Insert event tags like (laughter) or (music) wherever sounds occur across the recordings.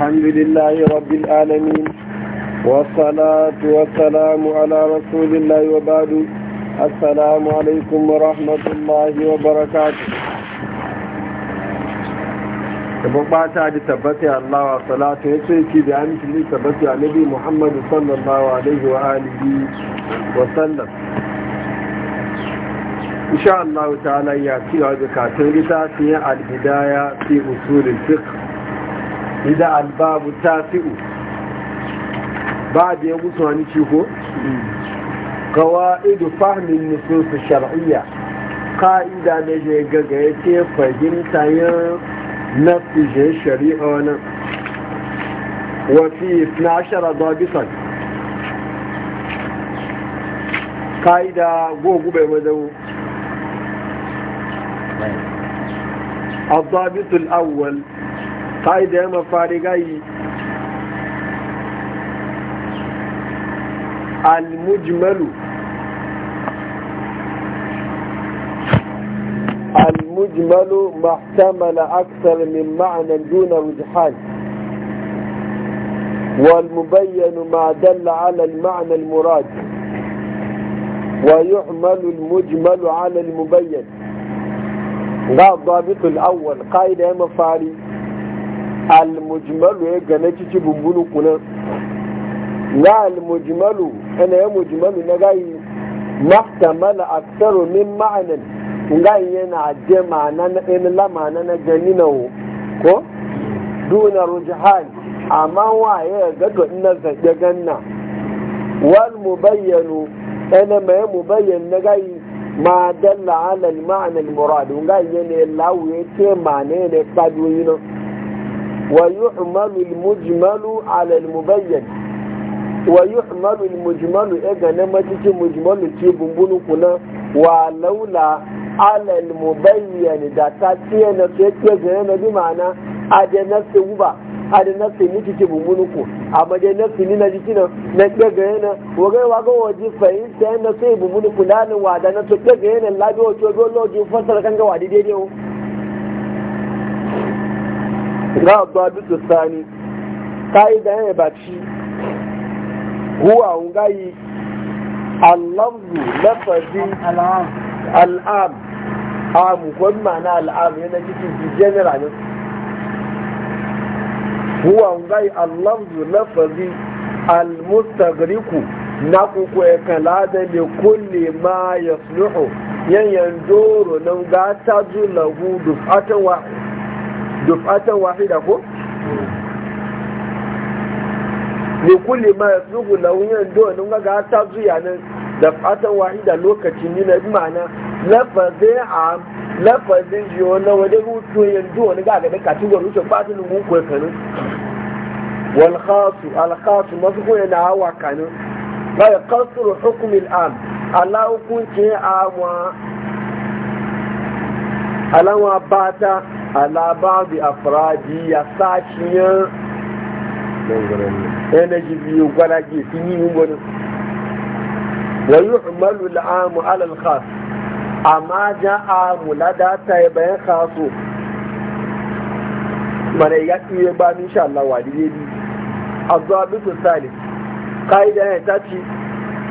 الحمد لله رب العالمين والصلاة والسلام على رسول الله وبعد السلام عليكم ورحمة الله وبركاته تبقى تعجي تبتي الله والصلاة يتركي بأمس لي تبتي على نبي محمد صلى الله عليه وآله وسلم إن شاء الله تعالى يأتي عدكاتين لتأتي البداية في أصول الفقه Ida albabu ta fi'u ba da ya mutu wani ciko? kawa idu fahimin nufinsu shar'iyya ka'ida na je gaga ya ce fahimta yin nafi je shari'a wani wafi na shara zabisan ka'ida gogube wadau abdabitul awwal قاعدة مفارقة أمم المجمل المجمل ما احتمل أكثر من معنى دون رجحان والمبين ما دل على المعنى المراد ويعمل المجمل على المبين ده الضابط الأول يا مفاري أمم almujmalu ya gane cici bumbulu kunan na almujmalu ana ya mujmalu na gayi maftamala aksaru min ma'anan gayi yana je ma'ana na ɗin lamana na gani na ko duna rujhan amma waye ga to ina zage ganna wal mubayyanu ana mai mubayyan na gayi ma dalla ala al ma'ana al gayi ne lawo yake ma'ana ne kadoyi na ويحمل المجمل على المبين ويحمل المجمل إذا نمتك مجمل كي بمبنو كنا ولولا على المبين دا تاتينا تيكي زينا بمعنى أجا نفسي وبا أجا نفسي نتك بمبنو كو أما جا نفسي نينا جيكينا نتكي زينا وغير واغو وجي فإن سينا سيبو بمبنو كنا وعدا نتكي زينا لا بيو تيو بيو لو جي فسر كنغا وعدي ديو ga ba dutu sani yi da yaya baci huwa ngayi allamzu lafazi al'am amu kwan mana al'am yana cikin general huwa ngayi allamzu lafazi al-mustagriku na kuku ya kala da ne kulle ma ya suluhu yanyan doro nan gata a duk wa. dufatan wahida ko ne kulle ma yasluhu lahu yan do nan ga ta zuya nan dufatan wahida lokacin ne na ma'ana lafazin a lafazin jiyo na wani hutu yan do Ne ga ga katigor rutu fatin mun ko kanu wal khasu al khasu masu ko na. hawa kanu ba ya qasru hukm al am Allah hukunci a wa alawa bata alababi faraji ya sashiyan energy biyu gwada gwanaki sun yi yin gwanin wayu umaru la'amu alal khas amma a ja'a da ta yi bayan khaso mana ya ƙiye ba ni sha Allah wadi ne bi a zuwa bisu sali ka'ida ya ta ce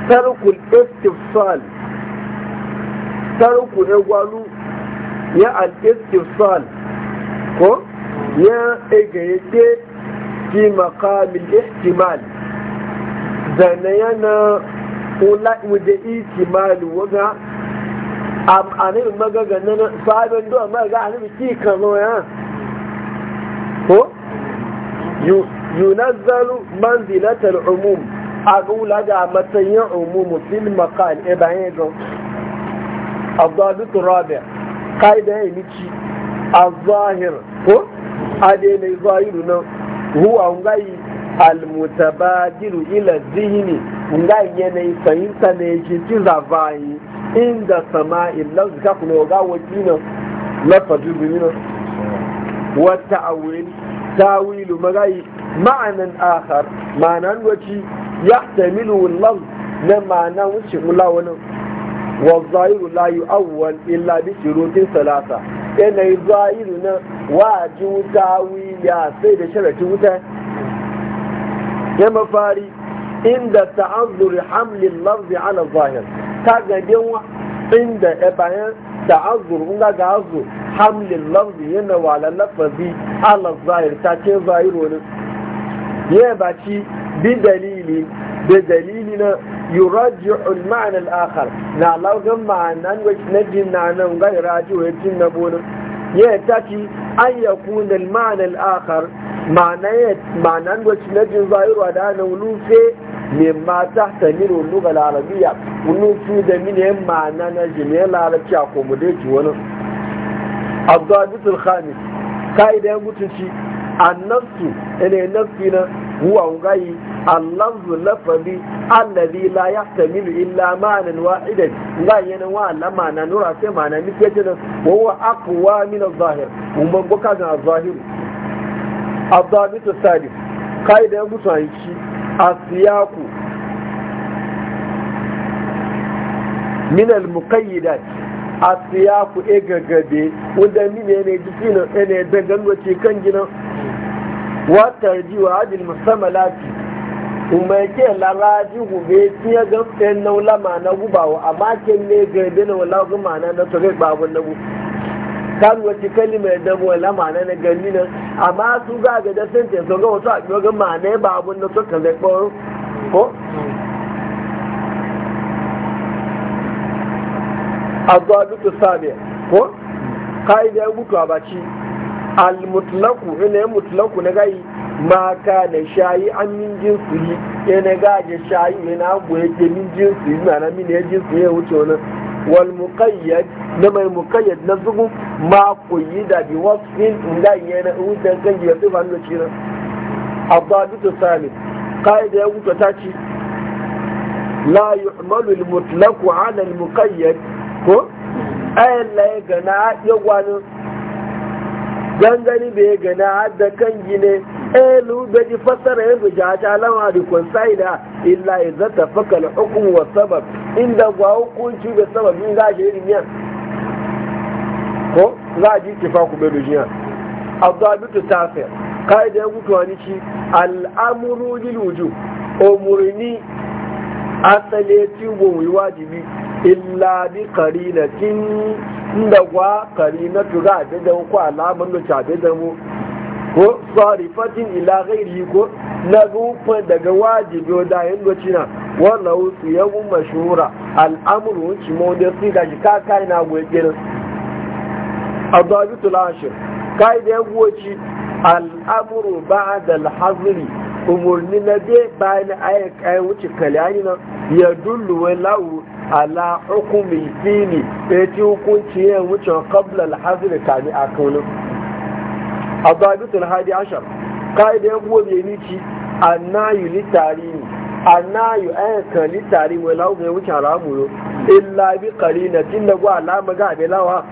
tarkul istifsal tarkul ne ya al-istifsal ko ya egayyace fi maqamil ihtimal zane yana kula wuje ihtimal waga anil magaga nan sabon ki ya ko yunazzalu manzilatal umum agula da matsayin umumu fil الضابط الرابع e ka'ida ya nici a zahir ko a ne zahiru nan huwa ngai almutabadiru ila zihni ngai yanayi fahimta na shi ci zavayi inda sama'i lafzi ka kuma ga na lafazin na wata awil tawilu magayi ma'anan akhar ma'anan waci yahtamilu lafz na ma'anan wuce mula والظاهر لا يؤول إلا بشروط ثلاثة إن الظاهر واجب تاويل سيد شرط وتا يما فاري عند تعذر حمل اللفظ على الظاهر كاغدين عند ابان تعذر unga تعذر حمل اللفظ هنا وعلى اللفظ على الظاهر ta ce يا wani بدليل بدليلنا Yi raɗi in ma'anar Aher na labarin ma'anan wajen na jin na nan gani ra'aji a yankin na boda. Yin tafi anyakunan ma'anar Aher ma'anan wajen na jin za a yi raɗa da wani hufe mai mata sanin wani ga lalamiya wani hufe da mini yin ma'ana na jin ya lalace a koma da wani. A gaɗu sun kani mutunci a naftu ina nafina huwa ngayi. اللفظ اللفظي الذي لا يحتمل إلا معنى واحدا لا ينوى لما نرى كما نمكتنا وهو أقوى من الظاهر ومن بكى الظاهر الضابط الثالث قاعدة متعيشي السياق من المقيدات السياق siya ku e gaggabe wanda mini ne jiki جنا ne da gangoci kuma ke laraji gube tiya ga fen na ulama na gubawa amma ke ne ga da na ulama guma na na tore babun na gu kan wace kalimar da mu ulama na gani na amma su ga ga da sun ce sun ga wasu abuwa ga mane babu na suka zai ko الضابط السابع ko ci يقول baci المطلق هنا na نغاي ma ka da shayi an min jinsu yi ya na gaje shayi mai na abu ya ke min jinsu yi mana min ya jinsu ya wuce wani wal muqayyad na mai muqayyad na zugu ma koyi da bi wasfin inda ya na wuce kan ya fi ban da ci nan abadu sami qaida ya wuce ta ci la yu'malu al mutlaq ala al muqayyad ko ayyalla ya gana ya gwanin gangani bai gana hadda kan gine elu eh, da ji fassara yin bija ta lama da kwansai da illa ya zata fakal hukum wa sabab inda gwa hukunci da sababin za shi irin yan ko za a ji fa ku bai dujiya abdabitu tafiya kai da ya gutuwa ni ci al'amuru lil wujub umurni asaleti ci wajibi illa bi qarinatin inda wa qarinatu za da da ko alaman da ta da mu ko sarifatin ila ghairi ko na gufa daga wajibi da yin docina wallahu siyabun mashhura al'amru ci mo da su ga ka kai na gwejin adabitul ashir kai da gwoci al'amru ba'da al-hazri umurni na bai bayan ayyukan wuce kalyani na ya dullu wa ala hukumi fili ya ci hukunci yin wucin kabla alhazir ne a kaunin ababitul hadi ashar ka'ida yan buwa bai nici a na yi ayyukan litari mai hukumi ya wucin ramuro illa bi na tun da gwa alama ga abelawa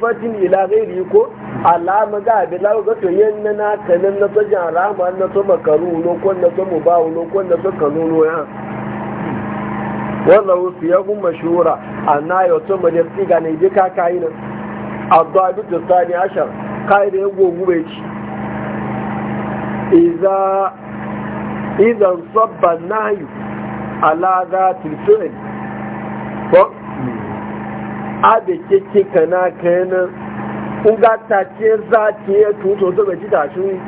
fatin ila gairi ko alama ga lawa ga to yanna na kanin na to rama na to makaru no ko na to mubawu no ko na to kanuno wannan wallahu siyagun mashura anna yato majalisi ga ne dika kayi nan abdabi da sani ashar kayi da ya gogu bai ci iza idan sabba nahyu ala za tilfi'il ko abe kike kana kayan uga ta ce za ta yi tuto to ga ji tashi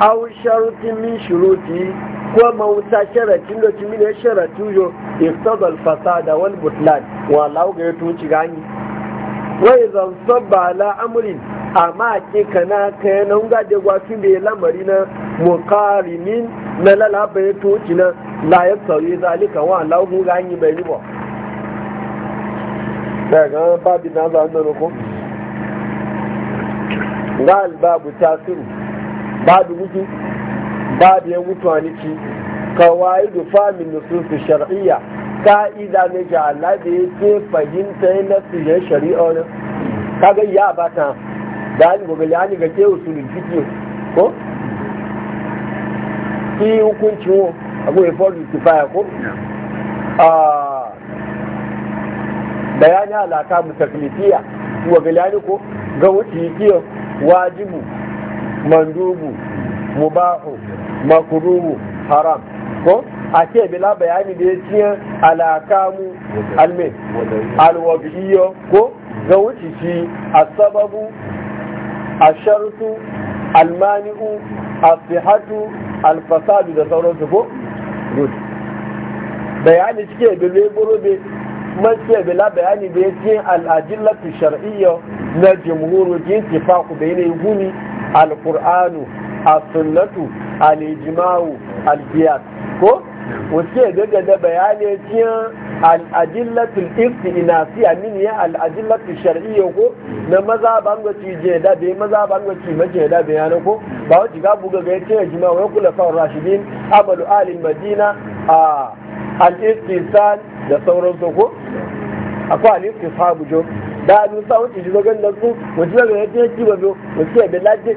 au sharutin min shuruti ko mawuta sharatin da kimi ne sharatin yo istadal fasada wal butlan wa law ga yato ci gani wai zan sabba la amrin amma ke kana kai nan ga da gwafi bai lamari na muqarimin na lalaba ya toci na la ya sauye zalika wa law ga gani bai riba daga babu na zan nan ko gal babu tasiru babu wuki babu ya mutuwa ni ci قواعد فهم النصوص الشرعية كإذا نجعل الذي فهمت نفسه الشريعة kaga ya bata da an gobe ya ni ga ke usulin fiqh ko ki hukunci wo abu e for justify ko ah bayani alaka mutaklifiya wa bilani ko ga wuce kiyo wajibu mandubu mubahu makruhu haram ko a ce bila bayani da ya ciye alakamu alme alwabiyo ko ga wuce shi a sababu a shartu almani'u a sihatu alfasadu da sauransu ko good bayani cike da leburo da mace bila bayani da ya ciye al'ajillatu shar'iyya na jimhuru jinsi faku da yanayin guni alkur'anu as-sunnatu al al ko wasu daga da bayani cikin al'adillatul istinasiya min ya al'adillatul shar'iyya ko na maza bangaci je da bai maza bangaci mace da bayanan ko ba wacce ga buga ga yace ya jima wai kula fa rashidin amalu alil madina a al da sauransu ko akwai al-istisabu dáadọ́ sáwọn ti ṣùgbọ́n gẹ́gẹ́ lọ́gbọ́n kò sí ọ̀gẹ̀rẹ́ tí ó jí wọ́n bí kò sí ẹ̀bẹ̀ láti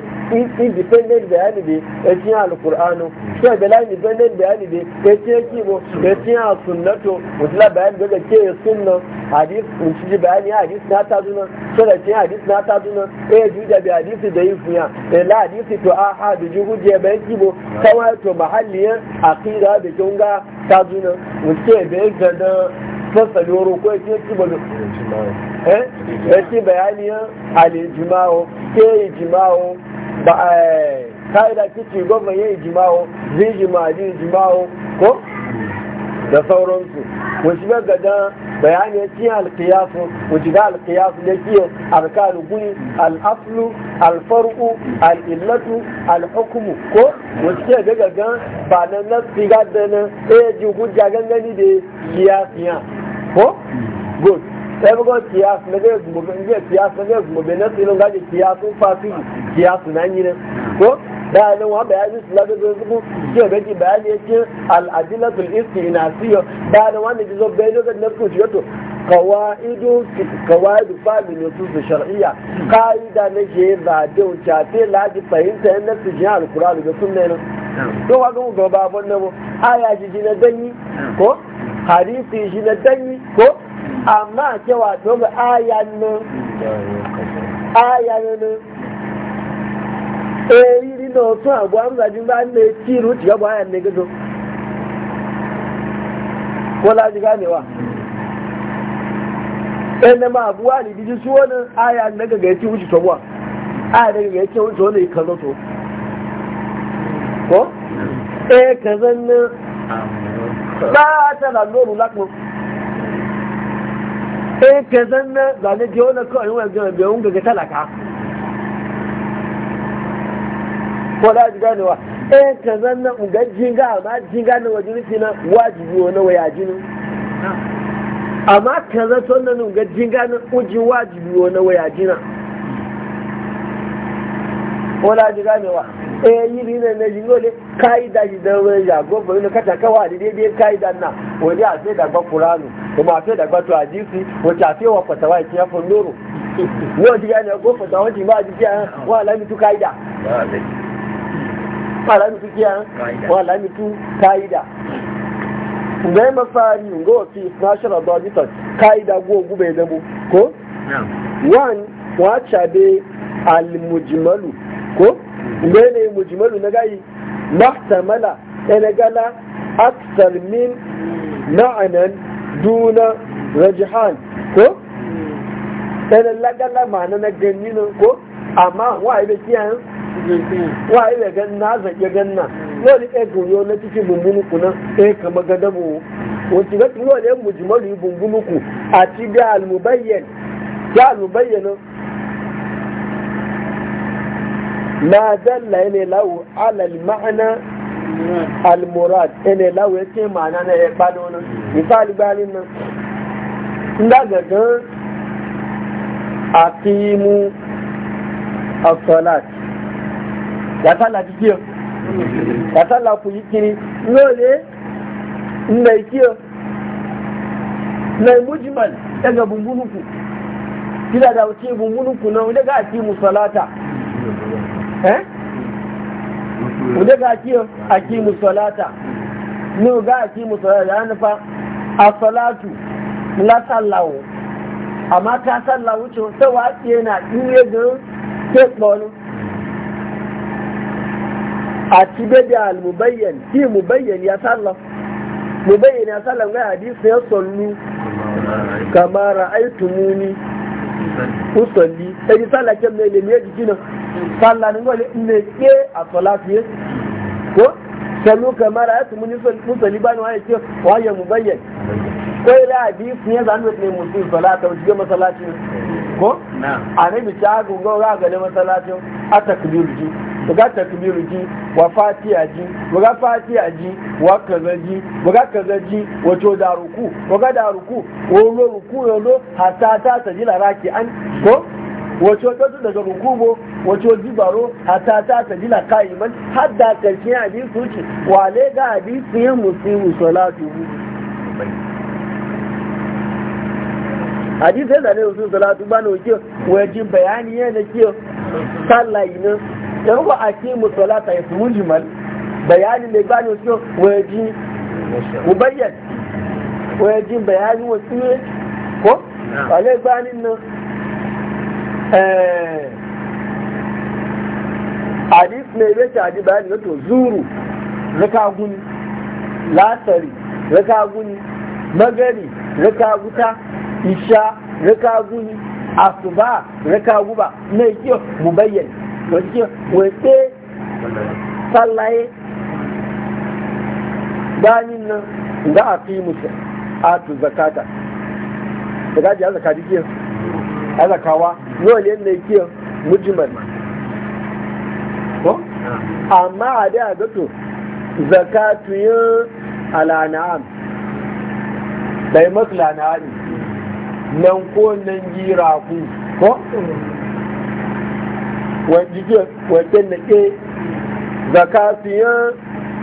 independent bayani de ẹtí alukur'anu sí ẹ̀bẹ̀ láti independent bayani ẹtí ẹtí wọ ẹtí asunnato kò sí lábàáyé gẹ́gẹ́ kí ẹ sún nà àdìs òṣìṣẹ́ bayani àdìs náà tàdú nà sọ̀rọ̀ tí àdìs náà tàdú nà ẹ yẹ jújà bí àdìs dẹ̀ fún yà ẹ̀ lá àdìs tó aha dojú kú di ẹ̀bẹ̀ ẹtí wọ káwọn ẹ̀tọ́ mahalli yẹn àkíyàn àbẹ̀jọ́ ń gá tàdú nà kò sí ẹ̀bẹ̀ fasali waro ko ya ci balo eh ya ci bayaniyan alijimawo ke jimawo? ba eh, kici gwamnan ya jimawo? zai ko da sauransu wasu ga gada bayani ya ciye alkiyasu wasu ga alkiyasu da ciye alkalu guni al'aflu alfarku al'illatu al'hukumu ko wasu ke daga gada ba na nasi ga dana ɗaya eh, ji hujja gangani da kiyasiya ko good sai bugo kiyas na ga mu ga kiyas na ga mu bena tilo ga kiyas un fasi kiyas na yi ne ko da nan wa bayani su laga zo zubu ke ga ki bayani yake al adilatul istinasiyo da nan wanda ji zo bayani na su yato qawaidu qawaidu family su shar'iyya qaida ne ke da dau chate laji fahimta yan nasu jin alqur'ani da sunna ne to wa ga mu ga babon aya ji na gani ko hadisi shi na dangi ko amma cewa to ga ayan nan ayan nan eh riri na otu abu amza jin ba ne tiru ti ga ayan ne gado ko la ji ganewa eh na ma abu ali biji su wani ayan na ga ga ti wuce to bua ayan na ga ga ti to wani kan to ko eh kazan nan ɓata na lóru lápò e kẹsàn náà zane jẹ́ ọ́nà kọ́ ìwọ̀n ẹgbẹ̀rún ẹgbẹ̀rún ohun gẹ̀gẹ̀ tálàkà kọ́lá jìgá ni wa e kẹsàn náà ǹgá jìngá àmá jìngá ni wàjú nìsí náà wájìbí wọn náà wàyà jìnnú àmá kẹsàn tó náà ǹgá jìngá ni ó jì wájìbí wọn náà wàyà jìnnà kọ́lá jìgá ni wa e yìí ni nàìjíríà ka'ida shi da wani jago bai ne kata kawa da daidai ka'ida na wani a sai dagba kuranu kuma a sai dagba to hadisi wace a sai wa fatawa ya yafin nuru (laughs) ne wani gani ko fatawa wace ba a jiki a wa alamitu ka'ida alamitu kiya wa alamitu ka'ida ngai mafari ngo fi national auditor ka'ida go gube da mu ko wani wa chabe al mujmalu ko ngene mm. mujmalu na gai mahtamala ina gala aksar min ma'anan duna rajihan ko ina lagala ma'ana na gannin ko amma wa ibe wa ibe gan na zage ganna e goyo na cikin ku kuna e kama gadabo wacce ga tuwa ne mujmalu bumbunu ku a cibi al ya al ma dalla yana lawo alal ma'ana almurad yana lawo ya ce ma'ana na ya bada wani misali bayanin nan inda gagan a timu a salat ya tala kiyo ya tala ku yi kiri lole inda yi kiyo na mujmal daga bumbunuku kila da wuce bumbunuku na wadda ga a timu salata eh wanda ga kiyo akimu salata ni ga akimu salata ya nufa a salatu la sallawo amma ta sallawo ce ta wasu yana ɗuye da ke tsonu a cibe da almubayyan ki mubayyan ya sallah mubayyan ya sallah ga hadisi ya sallu kamar ra'aytumuni usalli sai sallah kin ne ne jiki nan sallah ni ngole ne ke a salatu ye ko sallu kamar ayatu mun musali bani waye ce waye mu bayyan ko ila hadis ne zan mu ne musul salata mu shiga masallaci ko annabi ta gungo ga ga ne masallacin atakbiru ji buga takbiru ji wa fatiha ji buga fatiha ji wa kaza ji buga kaza ji wato da ruku buga da ruku wo ruku yo lo hatta ta tajila raki an ko wato su daga wacce wato zibaro hatta ta jina kaiman hadda karshe hadisi wuce wale ga hadisi ya musimu salatu hadisi ya zane musu salatu ba na wuce wajen bayani yana da ke sallayi nan yan ba a ke musalata ya fi mujimal bayani mai bani wuce wajen mubayyan wajen bayani wasu ko wale bayanin nan Eh. hadis ne ya ce hadis bayani na to zuru raka guni lasari raka guni magari raka guta isha raka guni asuba raka guba na kiyo mu bayyana wani kiyo wace sallaye bayanin nan da a fi musu a tu zakata da gaji a zakati kiyo azakawa yau ne mai kiyo mujimar ko amma a da zato? zakatu yin alana'am bai masu lana'ami nan ko nan gira ku ko wajen da ke zakatu yin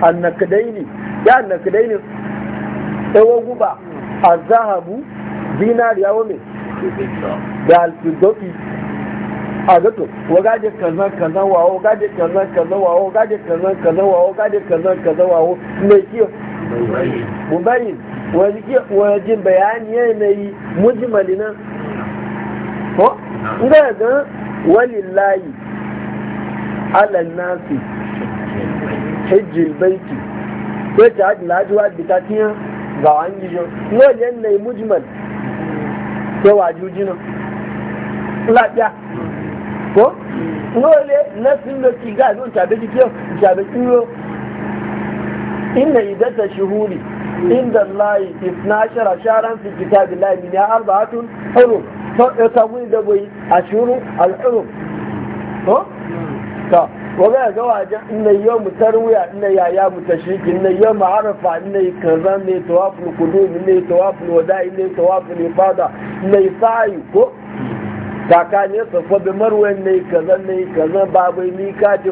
annakadai ne ya annakadai ne tsawon guba a zahabu zinariya ya wame? da alfidofi a zato Wa wagaje kazan kazan wawo gaje kazan kazan wawo gaje kazan kazan wawo gaje kazan kazan wawo mai kiyo mubayin wajen bayani yanayi mujimali nan ko ga ga walillahi ala nasi hijjil baiti ko ta hajji lajuwa da ta tiyan ga wani jijo wani yanayi mujimali sai waju jinin lafiya ko nole na sun da ki ga zuwa tabe ki kiyo tabe kiyo inna idata shuhuri inda Allah isna shara sharan fi kitabillahi min arba'atun hurum fa tawil da bai ashuru al-hurum ko ta ya ga wajen inna yau mu tarwiya ina ya mu tashiki inna yau mu harafa ina yi kaza ne tawaful kudum inna yi tawaful wada inna yi tawaful ifada inna yi sa'i ko kakani ya tsofa bi marwa yi kaza ne kaza babai ni kaji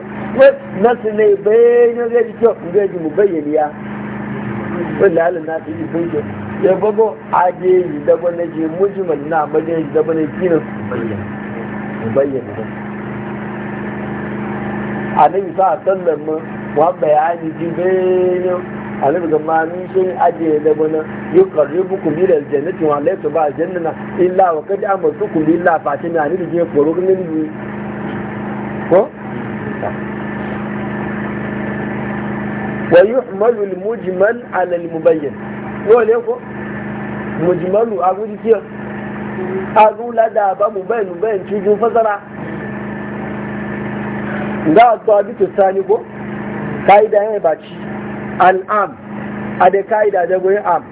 nasu ne bayan ya ji kyau ga ji mu bayyana ya wanda halin na su yi bunke ya bago ajeji daba na je mujimal na majeji daba na kinan bayyana annabi sa sallan mu wa bayani jibenin annabi ga ma ni sun aje da bana yuqarribukum ila aljannati wa la tuba aljannana illa wa qad amartukum illa fa tin annabi je foro ganin ko ويحمل المجمل على المبين يقول لكم مجمل أقول كيف أقول لدى أبا مبين مبين تيجي فزرع za a asuwa bitu sani ko ka'ida ya yi baci al'am a da ka'ida da goyi am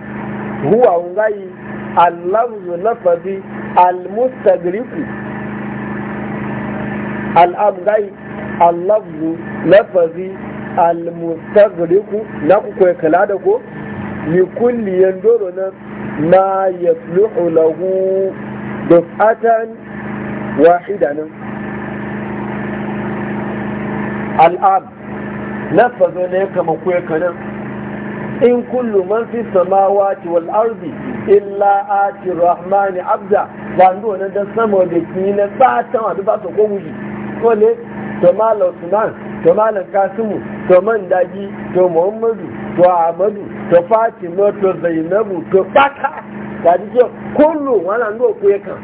huwa wungayi allafzu lafazi mustagriku al'am gayi allafzu lafazi mustagriku na ku kai kala da ko ni kulli yan yandoro na ma yasluhu lahu duf'atan wahidanin na lafazo ne kama kuwa in kullu man fi ci wal ardi illa ati rahmani abda zando na da sama da ki na tsatan wa ba su kowuji ko ne to malam sunan to malam kasimu to man daji to muhammadu to ahmadu to fatima to zainabu to baka ta ji kullu wannan ko kuwa kan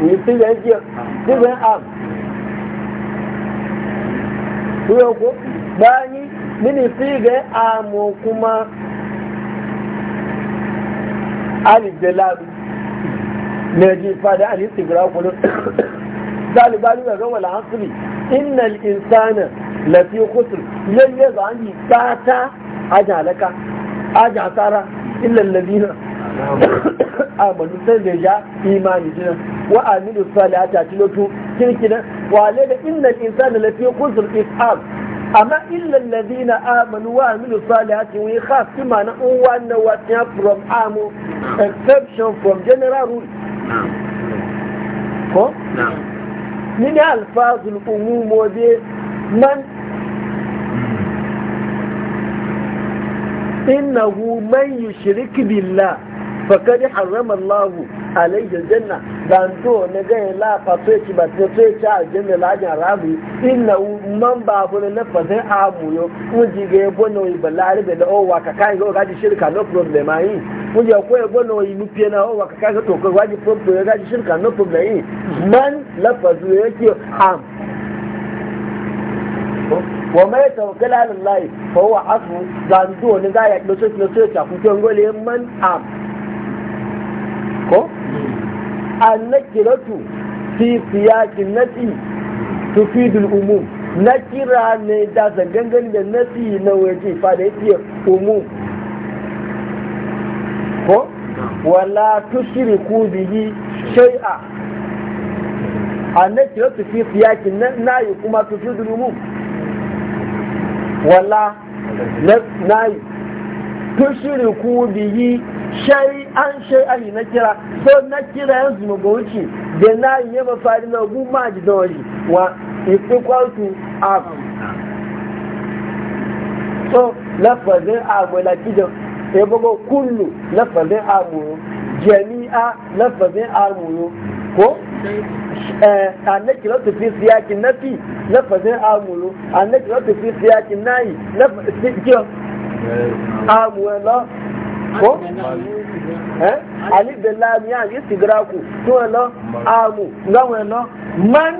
ni sai yanki sai am ko bani mini fige amo kuma alijelalu ne ji fada alistigra kullu (coughs) Bali, ga gawal asri innal insana lafi khusr lalle za an yi bata ajalaka aja tsara illa alladhina (coughs) amanu sai da ja imani jinan wa amilu salihata tilotu Kinkina. وعليه إن الإنسان الذي يقصر إسحاب أما إلا الذين آمنوا وعملوا صالحات ويخاف كما نقوموا أنه واتنا from عامو exception from general rule نعم. ها؟ نعم من ألفاظ الأموم وذي من إنه من يشرك بالله فقد حرم الله alayhi janna dan to ne ga la fa to ki ba to to ta janna la ja rabu inna man ba bu ne fa sai amu yo ku ji ga bono yi balari da o wa ka kai ga ji shirka no problem ai ku ji ko bono yi mu pe na o wa ka kai to ko ga ji problem ga ji shirka no problem yi. man la fa zu yake am wa mai tawakkala ala Allah fa huwa hasbu dan to ne ga ya do so so ta ku to ngole man am ko annakiratu fi siyakin nasi tufidul umum na kira ne da zangangan da nasi na waje fada ya yake umum ko wala tushriku bihi shay'a annakiratu fi siyakin nayi kuma tufidul umum wala nayi tushriku bihi shay'a an shai ali na kira so na kira yanzu mu wuce da na yi yaba fari na ogun ma ji da waje wa equal to a so lafazin abu la ya bugo kullu lafazin abu jami'a lafazin abu ko eh, annaki la tafi siyakin nafi lafazin abu annaki la tafi siyakin nayi lafazin abu ko eh alif da lam sigara ku to lo amu ngawo lo man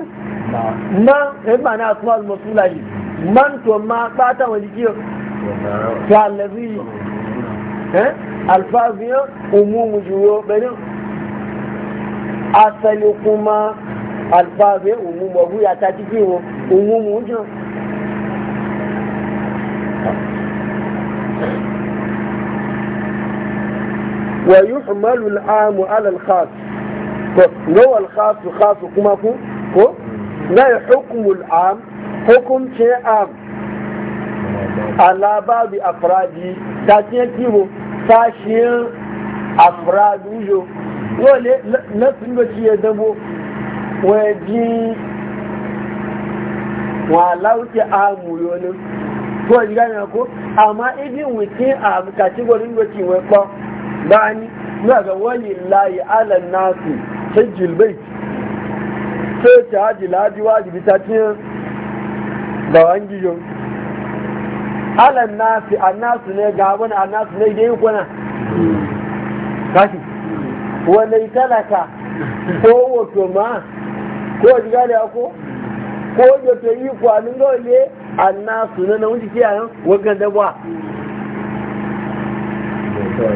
na e eh, ba na asma al masula yi man to ma ta wani ki ya allazi eh alfaziyo eh? umumu juyo bani asali kuma alfaziyo eh? umumu wa ya ta cikin umumu jo wa yuhmalu al'amu ala al-khas to gawa al-khas khas kuma ku ko na hukmu al-am hukumce am ala babi afradi ta ce kibo sashiyan afradu jo wale na sun da ci ya dabo wajen walauke amu yonin to ji gane ko amma idin wikin a kategorin da ci wai kwan bani na ga wani layi alan nasu hajjil bai sai ta haji laji wajibi ta cikin ga wangiyon alan nasu an nasu ne ga wani nasu ne da yi kuna kashi wani talaka ko wato ma ko jiga da ko ko wato yi kwanin gaule an nasu ne na wuce kiyayen wagan ba Eh?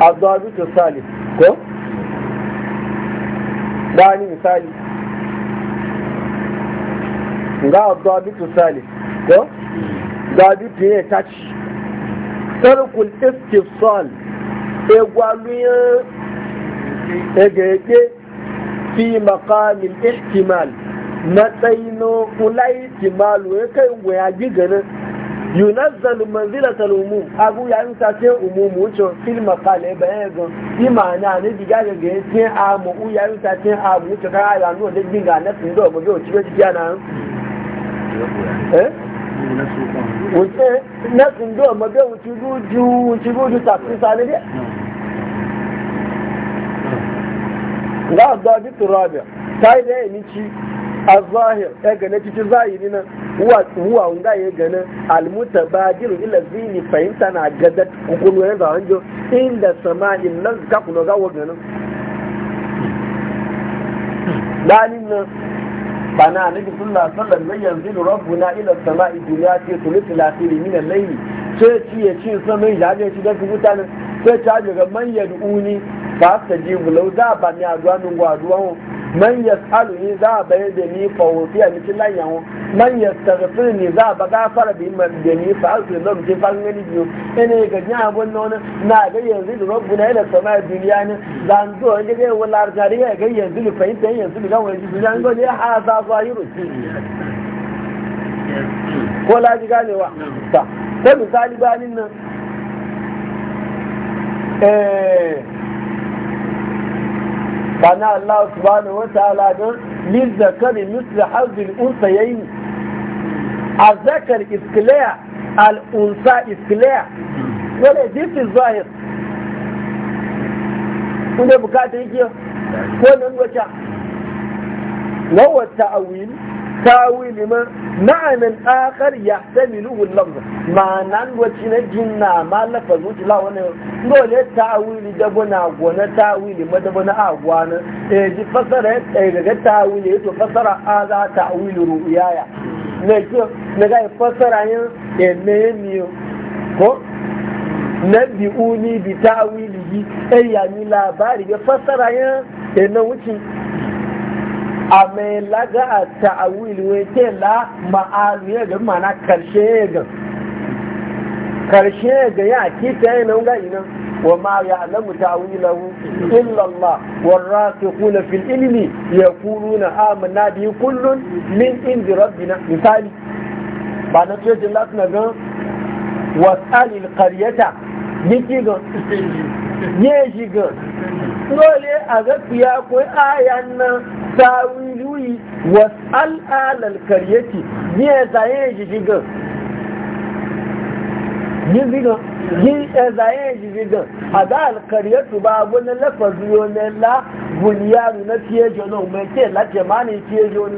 abdullabitin salif ko? dani misali ga abdullabitin salif ko? gabitin ya taci sarkul iskif sol egwaluyen egwaye fi makamin ihtimali matsayin kulayi timalu ya kai goya giganin yunazzalu manzilatal umum abu ya yi sace umumu wuce fil makale bayan ga imana ne diga ga ga yace a mu u ya yi sace a mu wuce ka ya no da dinga na sun do mu ga wuce ji eh na sun do mu ga wuce juju wuce juju ta sun sale ne ga ga bi turabiya sai da ni ci a zahir ya gane cikin zahiri nan huwa wunga ya gane almuta ba jiru ila zini fahimta na gada hukunu ya zawon jo inda sama inna ka kuno gawa ganin dalin nan ba na nabi sallallahu alaihi wasallam lan yanzilu rabbuna ila sama'i dunya ce tulutu lafiri min al-layli sai ci ya ci sanin ya ga shi da mutanen sai ta ga man yad'uni fa astajibu law da ba mi adwa min gwa adwa man yas'alu ni za ba da ni fa wufiya ni tilan yawo man yastaghfir ni za ba gafara bi man da ni fa asu lam je fa ngani biyo ene ga nya bon non na ga yanzu da rabbuna ila sama duniya ne dan zo ne ga wala jariya ga yanzu da yanzu wani ne ha kana Allah subhanahu wa ta'ala don lil zakari misli hazil unsa yayin a zakar iskilaya al unsa iskilaya wale this is zahir kuma bukata yake ko nan wata wawar ta'awil tawili ma ma'anan akhar yahtamiluhu al ma nan wacce na jinna ma lafazu tila wani dole tawili da bana gona tawili ma da bana agwana eh ji fasara eh daga tawili to fasara a za tawilu ru'yaya ne ko ne ga fasara yin eh ne ko nabi uni bi tawilihi yi ya ni labari ga fasara yin eh na wuce a mai laga a ta'awil wete la ma'azu ya gami mana karshe ya ga karshe ga ya kika yi nan ga ina wa ma ya alamu ta'awilahu illallah warasikhuna fil ilmi yaquluna amanna bi kullun min indi rabbina misali ba na ce jin na ga was'alil qaryata jiki ga ne shi dole a ga ya ko ayan nan al'alal karyati zaye ga yin zigan yin a ba lafazi la na fiye jono mai ke ma ne fiye jono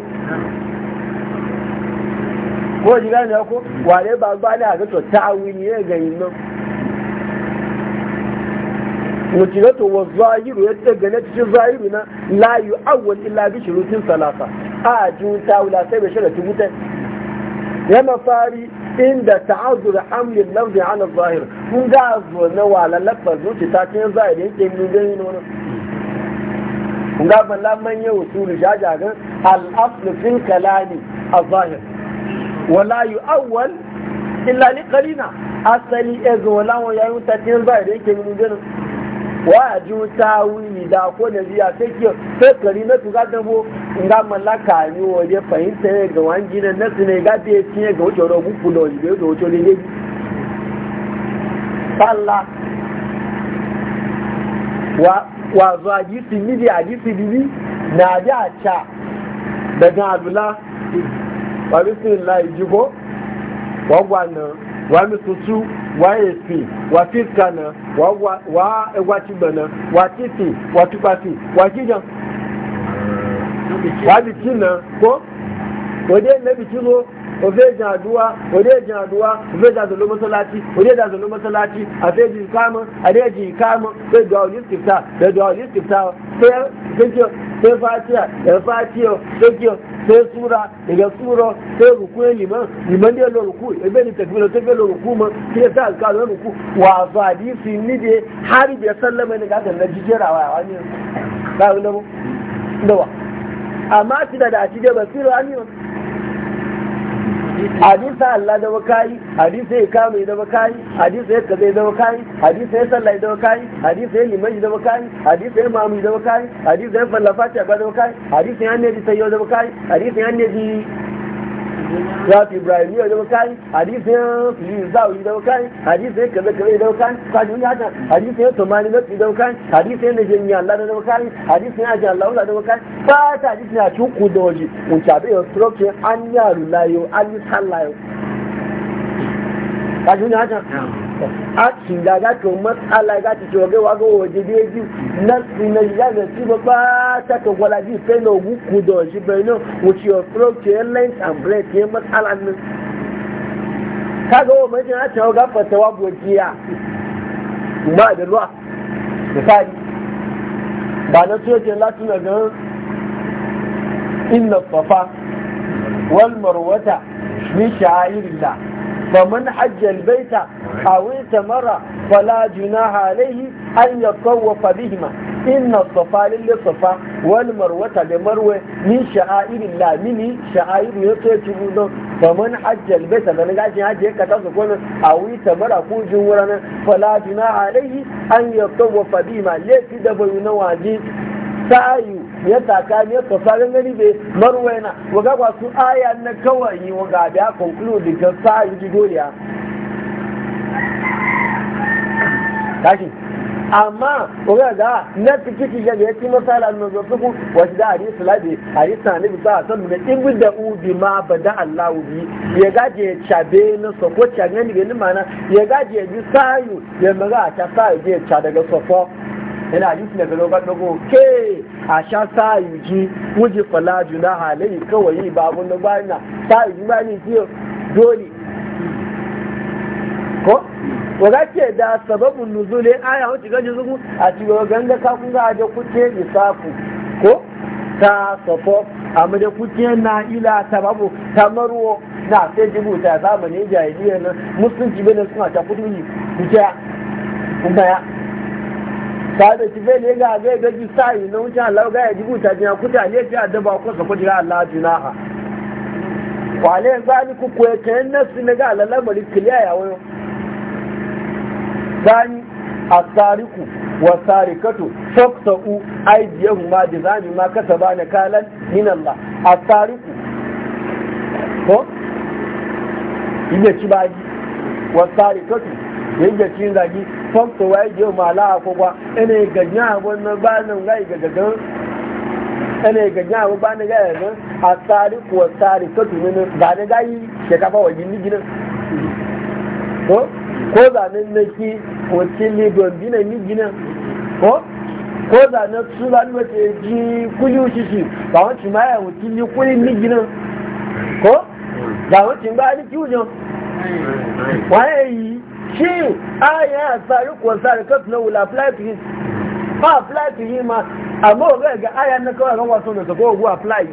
ko ko ba gbani a ga to nan mutilatu wa zahiru yadda gane cikin zahiru na layu awwal illa bi shurutin salasa a juta wala sai bai sharati mutai ya mafari inda ta'azzur hamlin lafzi ala zahir kun ga zo na wala lafazin zuci ta cikin zahiri yake mun gani nono kun ga ban lamman yau usulu jajagan al-asl fil kalami az-zahir wala yu awwal illa li qalina asali ezo lawo wa yayin ta cikin zahiri yake mun gani waju tawili da ko da biya sai ke sai kari na tuga da mu nga mallaka ni waje fahimta ga wanji na nasu ne ga biye tiye ga wuce ro buku da waje ga wuce ne ne salla wa wa zuwa jisi midi a jisi bibi na ja cha daga alula wa bismillah jibo wa na wa misusu wa efi wa fiska na wa egwachigba na wa titi wa tupafi na ko ode na biki ofe jan aduwa ode jan aduwa ofe jan zolo masalaci ode jan zolo masalaci afe ji kama ade ji kama sai duwa oli stifta sai duwa oli stifta sai fatiya sai fatiya sai kiyo sai sura daga sura sai ruku ya liman liman da ya ruku ya bai ni tafiya ta bai ruku ma sai ya sa alƙa ruku wa zadi su yi ni da har bai sallama ni gagan na jijjerawa a wani ba wani da wa amma shi da da a cikin basiru an yi hadisa Allah da bakayi hadisa ya kama da bakayi hadisa ya kaza da bakayi hadisa ya sallai da bakayi hadisa ya limanji da bakayi hadisa ya mamu da bakayi hadisa ya fallafa ta da bakayi hadisa ya ne da sayo da bakayi hadisa ya ne rafi ibrahim yau da kai hadisin filin yi da kai hadisin kaza kaza da kai kwashi wani haka hadisin tumani na da kai hadisin da jami'a Allah da kai hadisin aji Allah da kai ba ta hadisin a cikin kudoji mun tabi instruction an yaru layo an yi kaji ne haka a ci da ga to matsala ga ci cewa gaiwa ga waje da ya ji nan su na ji zaga ci ba ba ta ka gwala ji sai na huku da waje bai nan wuce ya furo ke yan lines and break ya matsala nan kaga wa mai jina cewa ga fatawa bokiya ma da ruwa misali ba na so ke latuna ga inna safa wal marwata min sha'irillah فمن حج البيت أو اعتمر فلا جناح عليه أن يطوف بهما إن الصفا للصفا والمروة لمروة من شعائر الله من شعائر يطوف فمن حج البيت فمن قاعد حج يكتب أو اعتمر أكو جورنا فلا جناح عليه أن يطوف بهما ليس دبوا واجب سعيه ya tsaka ne ka sai gani bai marwaina waga ba su aya na kawai waga da conclude da sai yi doriya kashi amma waga da na tikiti ga ya ci masala na zuwa wasu da hadisi labi hadisi na nabi sa san da in da u bi ma bada Allah bi ya gaje chabe na soko chagani ga ni mana ya gaje bi sayu ya maga ta sayu je cha daga soko yana hadisi daga lokacin dago ke a sha sa yuji wuji fala juna halayi kawai ba abun da bayan na sa yuji ba ne fiye dole ko waga ke da sababin nuzulin aya wacce ganji zuku a cikin ganga kakun ga da kuce lissafu ko ta sofo a da kuke na ila sababu ta maruwa na sai jibuta ya zamanin jahiliyar na musulunci bane suna ta kudu ne kuke ya kada ki bai ne ga zai ga ji sai na wuce Allah ga ya jibuta jiya kuta ne fi adaba ko sa jira Allah ha wale zani ku ko kan nasu ne ga Allah lamari kiliya ya wayo zani asariku wa sarikatu faqtu aydiyahu ma da zani ma kasaba ne kalan min Allah asariku ko ina ci baji wa sarikatu yadda cin zagi famta wa yake yau mala a kogwa ina yi ganya a wannan banin gai ga gagan ina yi ganya a banin gai ga a tsari kuwa tsari ta tunanin ba na gayi shekafa wa gini ginin ko zanen na ki wacin libyan bina ni ginin ko ko zanen su zanen wace ji kuli wuce ba wancin ma ya wucin ni kuli ni ginin ko ba wancin ba ni kiwujen waye yi shi aya saruk wa sarukat na wula apply to him ba apply to him ma amma ga ga aya na kawai ran wasu da sako go apply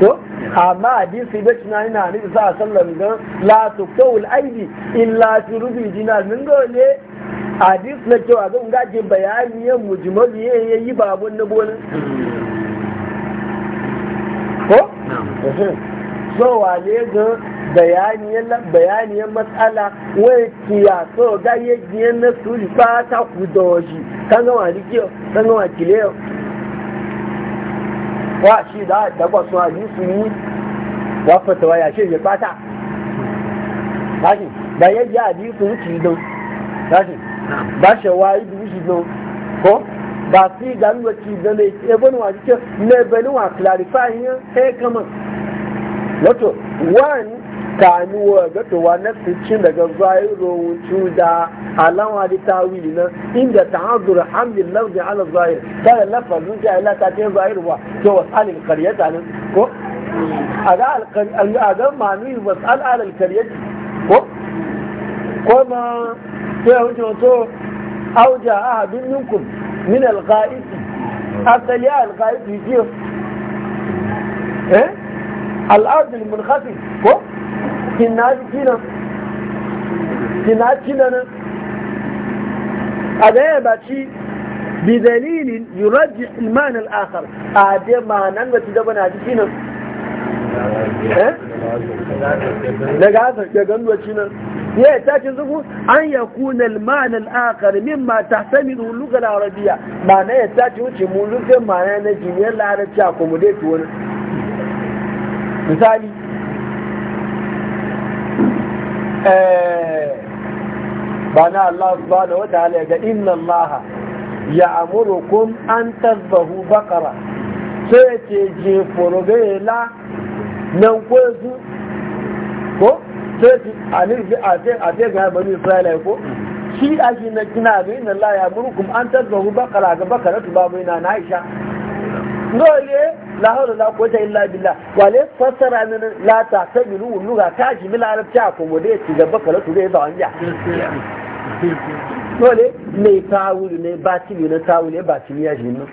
ko amma hadisi bai tuna ina ni sa sallan ga la tuqul aidi illa fi rubi dinar min gole hadis na cewa ga ga je bayani ya mujmali yayi babun na bolin ko hmm. so wale hmm. ga bayaniyar matsala wai kiya so ga yajiyan na su ba ta ku da waje kan gama rikiyo kan gama wa shi da ta ba su su yi wa fatawa ya ce ta? bata tashi ba yaji hali su wuce don tashi ba shi wa yi wuce don ko ba su yi ganuwa ci don ne ebe wa ne benin wa clarify yin kama wato one kanuwa ga towa na cikin daga zahiro wucu da alama da tawili na inda ta'azzur hamdin lafzi ala zahir kada lafazin ja ila ta ce zahir ba to wasalil qaryata ne ko aga al aga manu wasal ala al qaryati ko ko ma sai wuce to auja ahadun minkum min al ghaiti asali al ghaiti ji eh al ard al munkhafid ko kinnaji kinan kinnaji kinan a gaya ba ci بدليل يرجح المعنى الآخر هذا معنى وتدبنا هذه كنا daga haka ke gando cinan ya yi takin zubu an ya kuna manan akar mimma ta sami lugar arabiya ba na ya takin wuce mu lugar mana na jiniyar larabci a kuma dai tuwani misali Eh, bana Allah subhanahu wataala ga inna Allah ya amurukum an tazbahu bakara sai ce je forogela nan kwezu ko sai ce a ce ga bani Isra'ila ko shi shi na kina ga inna Allah ya amurukum an tazbahu bakara ga bakara tu babu ina na Aisha dole لا حول ولا قوة إلا بالله وليه فسر أن لا تعتبروا اللغة تاجي من العرب تعفهم وليه تجبك لا تريد عن جاء وليه ني تعول ني باتل ني تعول ني باتل يجينا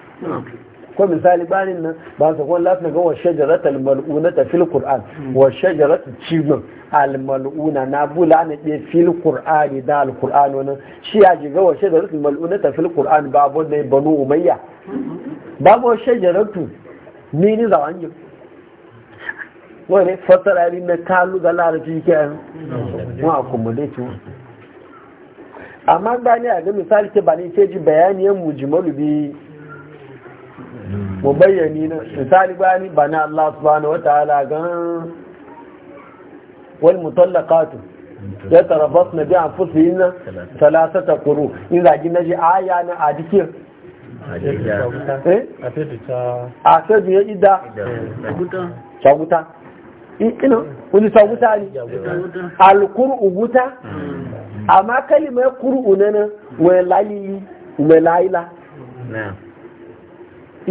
كم مثال بالنا بعض أقول لا تنقوى الشجرة الملؤونة في القرآن والشجرة تشيبنا الملؤونة نقول أن في القرآن دا القرآن ونا شيء يجي قوى الشجرة الملؤونة في القرآن بابون بنو أمية بابو الشجرة ni ni zawan yi wani fatara ne na kalu ga larabci ke yan dai accommodate amma ba a ga misali ke ba ne ke ji bayaniyan bi mu bayani na misali ba ni ba na Allah subhanahu wa ta'ala gan wal mutallaqatu ya tarabasna bi anfusihinna thalathata quru in zagi naji aya na adikin àṣẹ́bì yẹn ìdá ṣàgúta inú oní ṣàgúta ni alùkúrù ògúta àmá kẹ́lì mẹ́ kúrù ònẹ́nà wọ́n láyé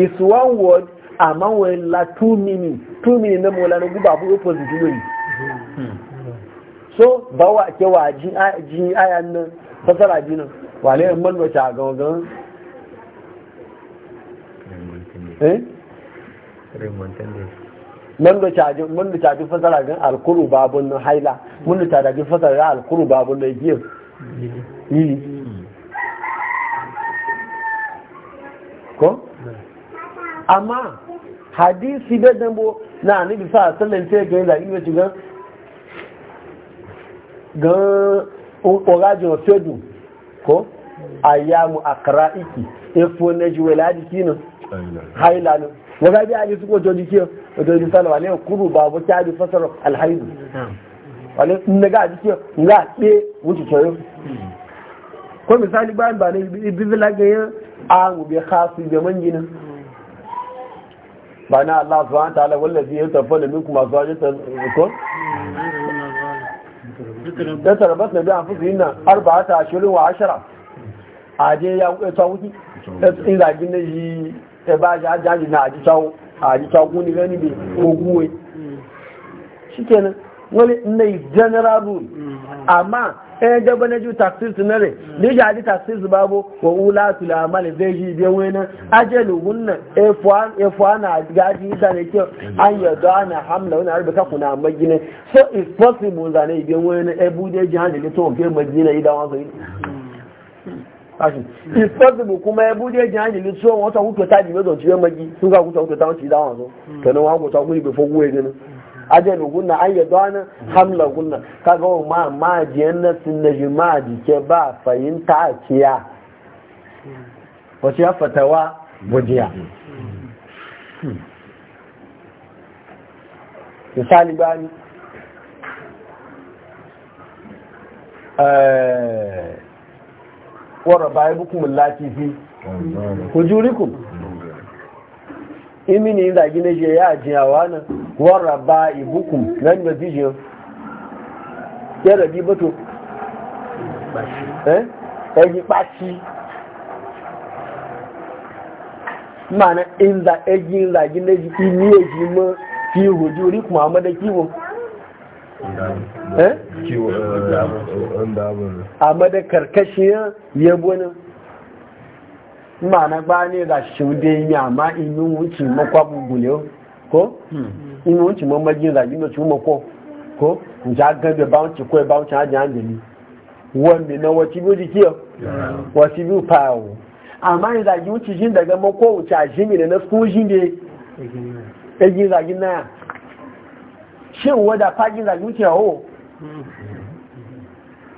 is one word àmá wọ́n lá two meaning two meaning na mọ́lá na gúbà fún opposite way hmm. so ba wà kẹwàá jí àyà náà sọ́sọ́rà jí náà wà lẹ́yìn mọ́lùmọ́ta gangan. eh man da caji man da caji fasara ga alkuru babun na haila mun da caji fasara ga alkuru babun na giyo yi ko amma hadisi da dambo na anabi sa sallan sai ga yana yi shiga ga ƙorajin fedu ko ayyamu akra'iki efo na jiwela jiki nan haila ne wa ga bi ali su ko jodi ke jodi salwa ne kuru babu ta bi fasar alhaid wale ne ga ji ke ga be wuce toyo ko misali ba ba ne bi bi lagaye a mu bi khasi bi manjina ba na Allah subhanahu wa ta'ala wallazi yatafalu minkum azwajatan ko da tarabat na biyan fusu yin nan arba ta ashirin wa ashira a je ya kuka ta wuki in zagin na yi ẹ̀bá ajájì náà àjíṣà ogun ní rẹ̀ níbi ogun wé ṣíkẹ́nà wọ́n lè ní general rule hmm. àmá ẹ̀yẹn jẹ́gbẹ́ ní ju taxis náà rẹ̀ hmm. níjà àjí taxis bábó wọ́n láti lè àmà lè fẹ́ yí ẹwọ́n náà ajẹ́lù ogun náà ẹ̀fọ́ àná àgájí ìsàlẹ̀ kí ayọ̀dọ́ àná hamlin ọ̀nà àrùbẹ́ká kùn náà mọ́jí so it's possible that ibi ẹwọ́n náà ẹbú jẹ́ jẹ́ hàn lè tó ń fẹ́ mọ́jí sọ ìfọ́sibù kún mẹ́ bú jẹ́ jẹ́ àjìlú tí wọ́n tọ́kù tó tájì mẹ́tọ̀ tí wọ́n mẹ́jì tí wọ́n kúta tó táwọn dáwọn sọ tẹ̀lé wọn kò tọ́kù ìgbè fowó ẹgbẹ́ ní ajẹ́lú gúnna ayé dọ́nà hamla gúnna wara baya bukum lati hujurikum imini da gine je ya ajiyawa nan wara bai bukum nan da dijin ya rabi bato eh egi pachi mana inda egi da gine ji ni eji mo fi hujurikum amma da kiwo a da karkashiyar yabo nan hmm. ma'ana ba ne da shude ya ma inu wuce makwa gule ko inu wuce mamajin zagi na cuma ko ko ja gabe bounce ko bounce hajji hanjali wanda na wasu biyu jikiyo wasu biyu fawo amma yi zagi wuce shi daga mako wuce a shi ne na sojin da ya yi zagi na e ṣé òwò dà pàjìlá ní ìṣẹ̀ ọ̀hún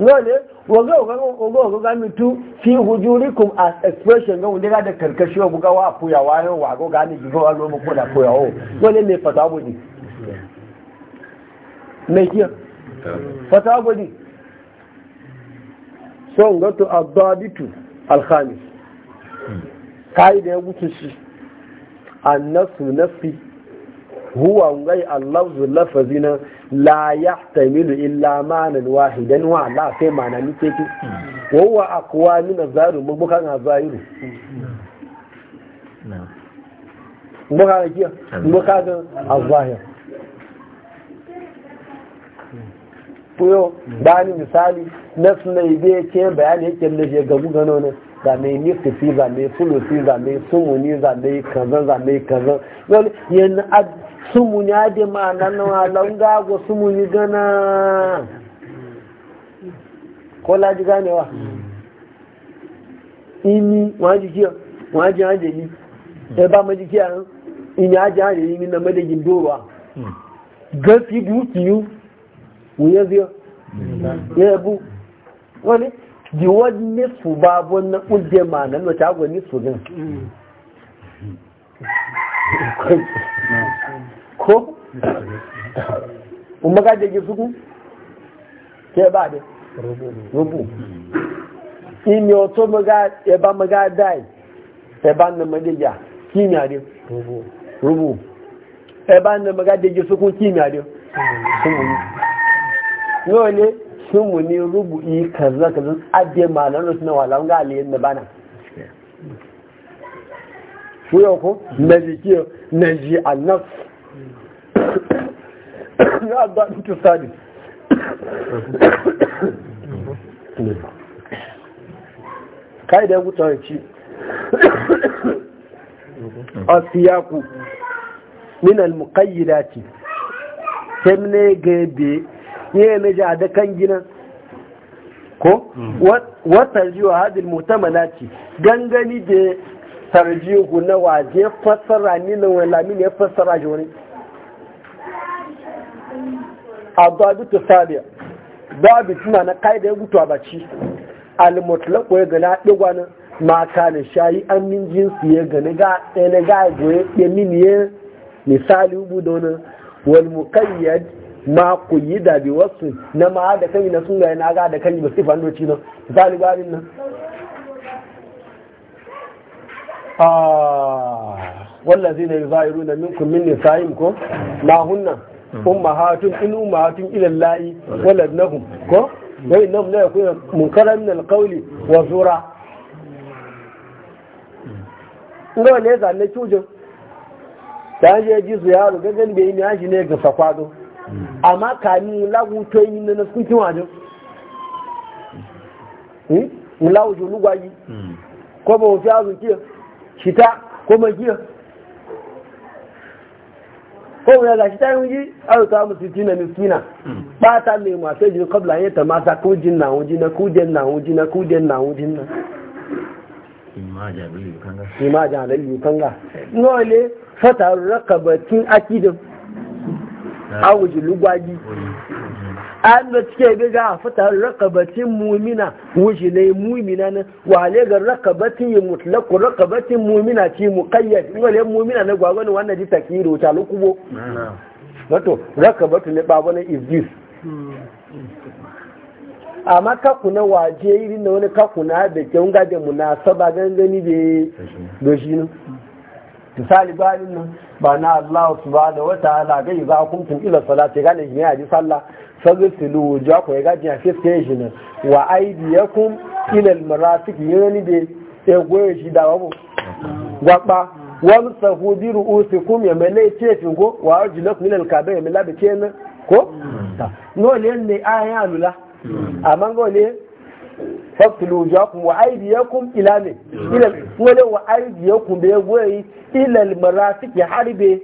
lọ́lẹ̀ ogo ogo ga mitu fi hujurikum as expression ga wunde da karkashi wa buga wa puya wa yo wa go ga ni jigo wa lo ko da puya o lọ́lẹ̀ me fata bodi me kiyo fata Son gato ngoto adabitu ka yi da ya gutu shi an annasu nafi huwa ngai allafzu lafazi na la yahtamilu illa ma'anan wahidan wa la sai ma'ana ni ke wa huwa aqwa min az-zahiru bukan az-zahiru bukan kiya bukan az-zahir koyo bani misali na suna ibe yake bayani yake na je gabu gano ne da mai nififi za mai fulusi za mai sumuni za mai kazan za mai kazan yana sumun ya di ma'ana na walon gago sumun yi gana ko laji ganewa ini waji kiyo waji haje ni e ba maji kiyo ini haje haje ni na madagin doruwa hmm. gasi dukiyu wuye ziyo hmm. ya bu wani jiwa nisu babon na ƙudde ma'ana na ta agwa nisu gan hmm. ko umma ka je suku ke ba de rubu in yo to maga e ba maga dai e ba na madeja kimia de rubu rubu e ba na maga je suku kimia de sumu ne sumu ne rubu i kaza kaza adde malanu suna wala ga aliyin da bana fúyọ̀ kó mẹ́lìkí nàìjí ànáf ní àgbà tó sáàdì káìdẹ̀ wùtọ̀ ìkí ọ̀síyàkù gina ko mm. wata jiwa hadin mutamala gangani da tarjihu na waje fassara ni na wani lamini ya fassara shi wani a zabitu sabiya babu tuna na kaida ya gutu a baci almutlaku ya gana ɗigwa na maka na shayi an min jinsu ya gani ga ɗaya ga goye ya mini ya misali ubu da wani wani mukayyar ma ku yi dabi wasu na ma da kai na sun gaya na ga da kai ba sifan doci na misali gwarin nan والذين يظاهرون منكم من نسائكم ما هن امهات ان امهات الى الله ولدنهم كو وإنهم لا يكون منكرا من القول وزورا ngawa ne zane cujin ta je ji su yaro gangan bai ne yashi ne ga sakwado amma kani lagu to na sun wajen eh mulawu gwaji ko ba shita ko mai giya ko mai ga shita yin ji ta musu tina miskina hmm. ba ta ne masu jini kabla yin ta mata kujin na hujji na kujin na hujji na kujin na hujji na imajan lalu kanga imajan lalu kanga nole fata rakabatin akidin Eh. awuji lugwaji an da cike bi ga fata rakabatin mumina wuji ne mumina na wale ga rakabatin mutlaq mutlaku rakabatin mumina ci muqayyad wale mumina gwa gwagwani wannan ji takiru ta lukubo wato rakabatu ne ba wani iblis amma kakuna waje irin da wani kakuna da kyan gajen munasaba gangani da doshi ne misali bayanin nan ba na Allah subhanahu wataala ga idza kuntum ila salati ga ne ya ji sallah fagsilu wujaku ya gaji a fiskejin wa aidiyakum ila almarafiq yani be ya goye shi da babu gwaba wamsahu bi ru'usikum ya mele ce ko wa arjulakum ila alkabe ya mele kenan ko no le ne aya alula amma go le fagsilu wujakum wa aidiyakum ila ne ila wala wa aidiyakum be goye ilal marafik ya harbe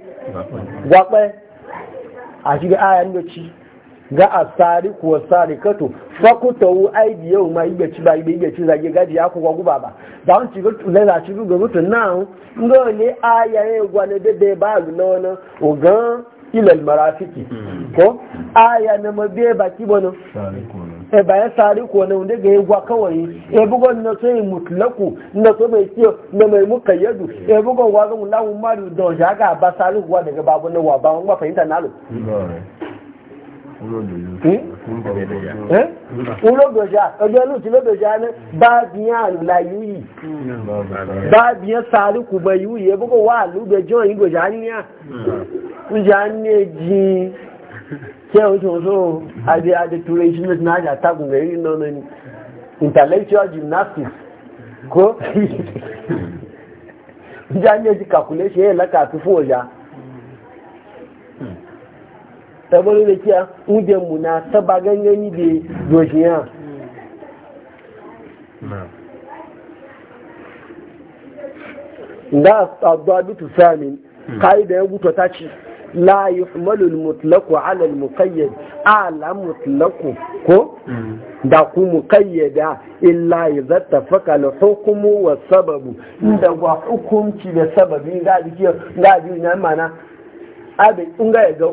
a shiga ayan da ci ga a tsari kuwa yau ma ba gaji ya kuwa guba ba da ahịa cikin tunan a cikin ga rutun nan ga ne aya ya gwane dade ba a na wani ogan ilal marafiki na e bayan sari ko ne wanda ga ya gwa kawai e bugon na so mutlaku na so mai ciyo na mai muka yadu e bugon wa zan lawo don shi ba sari kuwa daga babu na wa ba wani ba fahimta nalo olóògbèjà ọjọ́ ti ní bá bí yìí mm. bá bí yìí wà ní sai wuce wasu abi a da turai shi na tunaja ta gungari nononi intellectual gymnastics ko jami'a ji kakule shi yayin laka fi foja saboda da kiya ujenmu na taba gangani da doshiya da abu abu tusamin kai da ya guto ta ci la yuhmalu al-mutlaqu ala al-muqayyad ala mutlaqu ko da ku muqayyada illa idza tafaka al-hukmu wa sababu inda wa hukunci da sababi ga dike ga dina mana abin in ga ga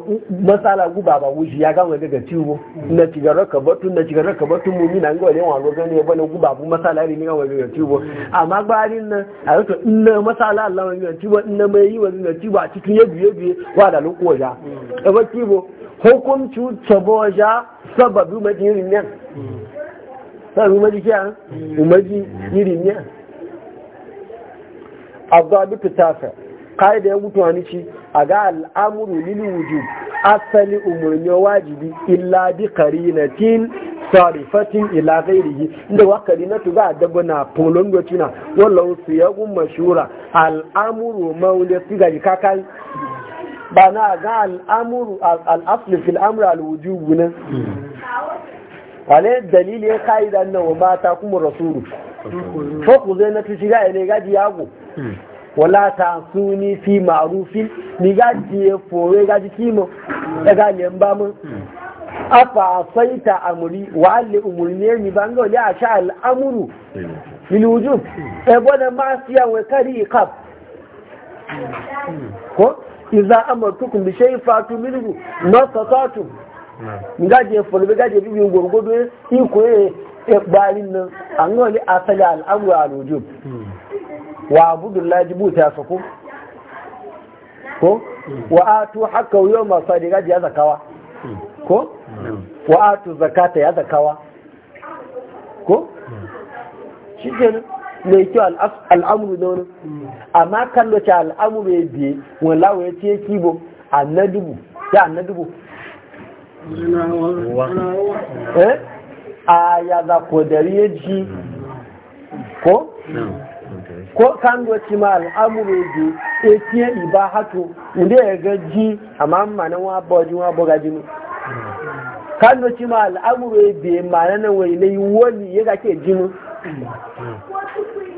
masala guba ba wuji ya gama ga tiwo na cigarar ka batu na cigarar ka batu mu mina ga wani wani gani ya na guba bu masala ne ga wani daga ciwo amma gbarin nan a yato in na masala Allah wani ga tiwo in na mai yi wani ga tiwo a cikin ya biye biye wa da lokuwa ja mm. e ka ba ciwo hukunci tabo ja sababu majirin ne sababu majiya umaji irin ne abdu abu tafa kai da ya mutu wani ci a ga al'amuru lil wujub asali umarni wajibi illa bi qarinatin sarifatin ila ghairihi inda wa qarinatu ga dabba na polon gotina ya siyagun mashura al'amuru mawla sigari kakan ba na ga al'amuru al'asli fil amri al-wujub nan wale dalili ya kai dan nan wa mata kuma rasulu ko ku zai na tushi ga ne gaji yago hmm. wala ta su ni fi ni ga jiye fore ga jiki mu e ya ga lemba afa amuri waale alli na ni banga wali a sha al'amuru lil wujub e bona ma siya wa kari iqab ko idza amartukum bi shay'in ṣe minhu ma tatatu ga jiye fore ga e, e, e al wa abudullahi bu ta sako ko wa atu haka yau masu adiga ya zakawa ko wa atu zakata ya zakawa ko shi ke mai kyau al'amuru da wani amma kallo ce al'amuru ya biye wallawa ya ce kibo annadubu ya annadubu eh a ya za ko dare ji ko ko kan doci ma al'amuru ju e iba hatu inda ya e ga ji amma na wa boji wa boga ji mu kan doci ma al'amuru be mana na wai ne wani ya ga ke ji mu mm-hmm.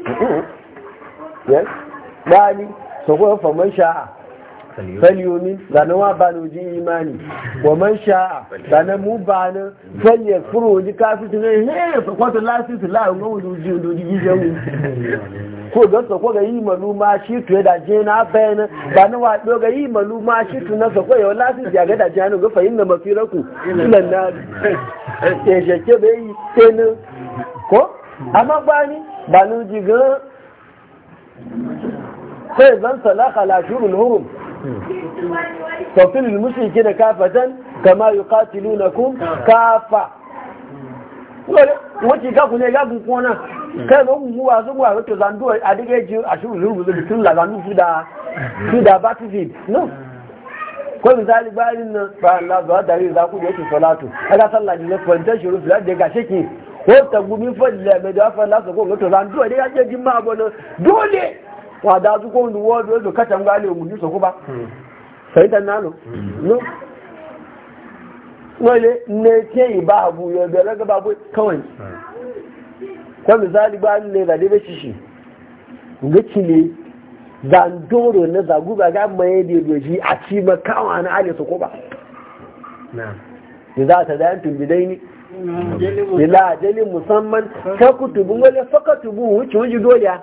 Mm-hmm. yes bani so ko falyomin zanen wa ba nuji imani wa man sha'a zanen mu ba nan falye furo ji kafin su ne he sakwata lasisi la'ayin ga wujuji wujuji gijen ko don ko ga yi malu ma shi tuye da je na bayan ba wa waɗo ga yi malu ma shi tu na sako yau lasisi ya ga da jihanu ga fahim da mafiraku sunan na tejeke bai yi tenin ko amma ba ni ba ga sai zan salaka lashirul hurum fasil mushriki da kafatan kama yuqatilunakum kafa wọ́n battlefield no misali bayanin nan za ku yake salatu aka sallah ne da gashe ki ko ta gumi fadila mai da fa lasu ko ga to zandu adékẹ́jì ma bana dole wa da su ko duwo do do kata ngale mu ji so ko ba sai tan nalo no wale ne ke ba abu yo da laga babu kawai ko misali ba ne da dai shi shi ngaci ne zandoro na zagu ba ga mai da doji a ci kawai na ale so ko ba na za ta da yantun ni. ila ajalin musamman ka kutubu wale faka tubu wuce wuji dole ya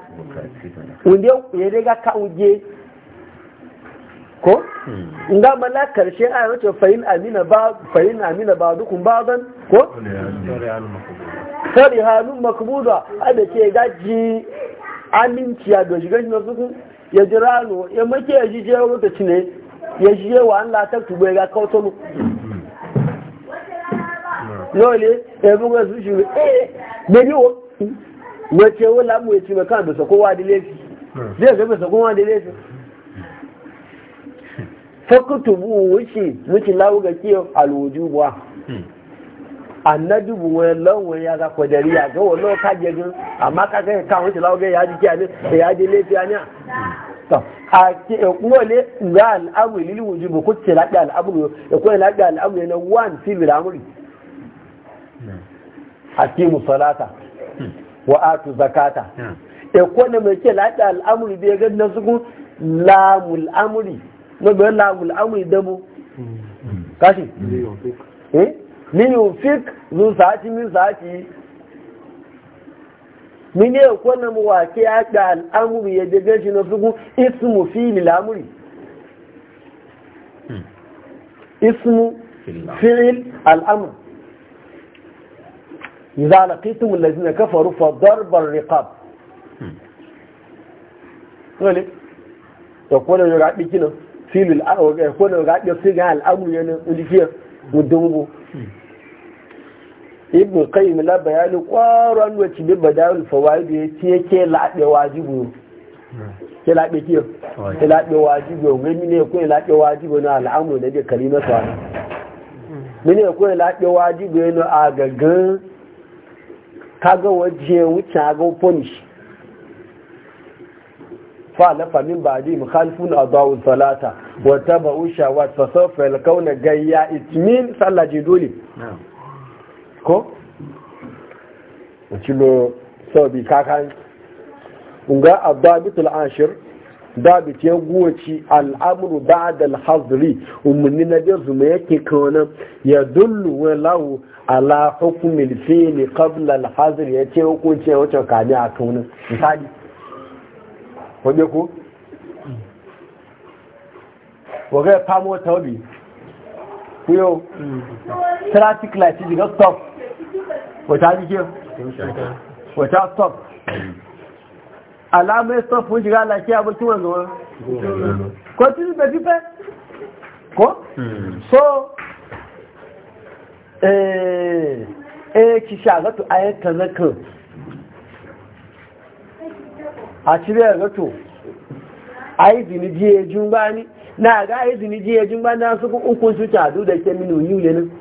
wunde ya daga ka uje. ko nga mala karshe a wace fa'in amina ba fa'in amina ba dukun zan ko sari hannun makbuda a da ke gaji aminci a doshi gaji na sukun ya ji rano ya make ya ji je wata cine ya ji yawa an latar tubu ya ga kautonu lole ebunga zuju eh beni wo wace wala mu yace maka da sako wa dile shi zai zai sako wa dile shi fakutubu wuce wuce lawo ga wọn lọ́wọ́ ya ga kọ̀dẹ̀rí àgọ́wọ̀ lọ́wọ́ kájẹ gan àmá káwọn ti láwọ́gẹ́ ìyá jíjẹ́ àní ìyá jẹ́ àti hmm. ẹ̀kúnwọ̀ ìgbà àmì lílùwòjú bò hakimu hmm. salata hmm. wa atu zakata hmm. e kone mai ke lati al'amuri ya gani na suku lamul amuri na bai lamul amuri dabo kashi eh? min fik. zuwa sa'ati min sa'ati min e ya kone mu wa ke aka al'amuri ya daga shi na suku ismu fili lamuri ismu fi'il al'amur إذا لقيتم الذين كفروا فضرب الرقاب ولي تقول لك عدي كنا في الأول يقول لك عدي سيغا الأمر يعني ولكي ودنبو ibn qayyim la bayani kwaron wacce bi badawul fawaid ya ce ke labe wajibu ke labe ke ke labe wajibu gani ne ko labe wajibu na al'amru da kalimatu mine ko labe wajibu ne a gaggan kaga waje wuce ga punish fa na famin ba di mukhalifun adawu salata wa tabu shawat fa sawfa yalqawna gayya itmin sallaji dole ko wuce lo so bi kakan unga abdabitul ashir babu ce goci al'amuru ba da alhazri umarni na biyar zuma yake kawanan ya dullu wa lahu ala hukumin fili kabla alhazri ya ce hukunci wacce kami a kaunin misali wajen ko waga ya famo wata wabi kuyo traffic light ji na stop wata jike wata stop alama ya stop wunji gala ke abokin wanzuwa ko tun da ko? so ee ee ki sha zato ayyata na kan a cire zato a yi ziniji ya jun gani na aga yi ziniji ya jun gani na suku ukun su cadu da ke minu yiwu yanin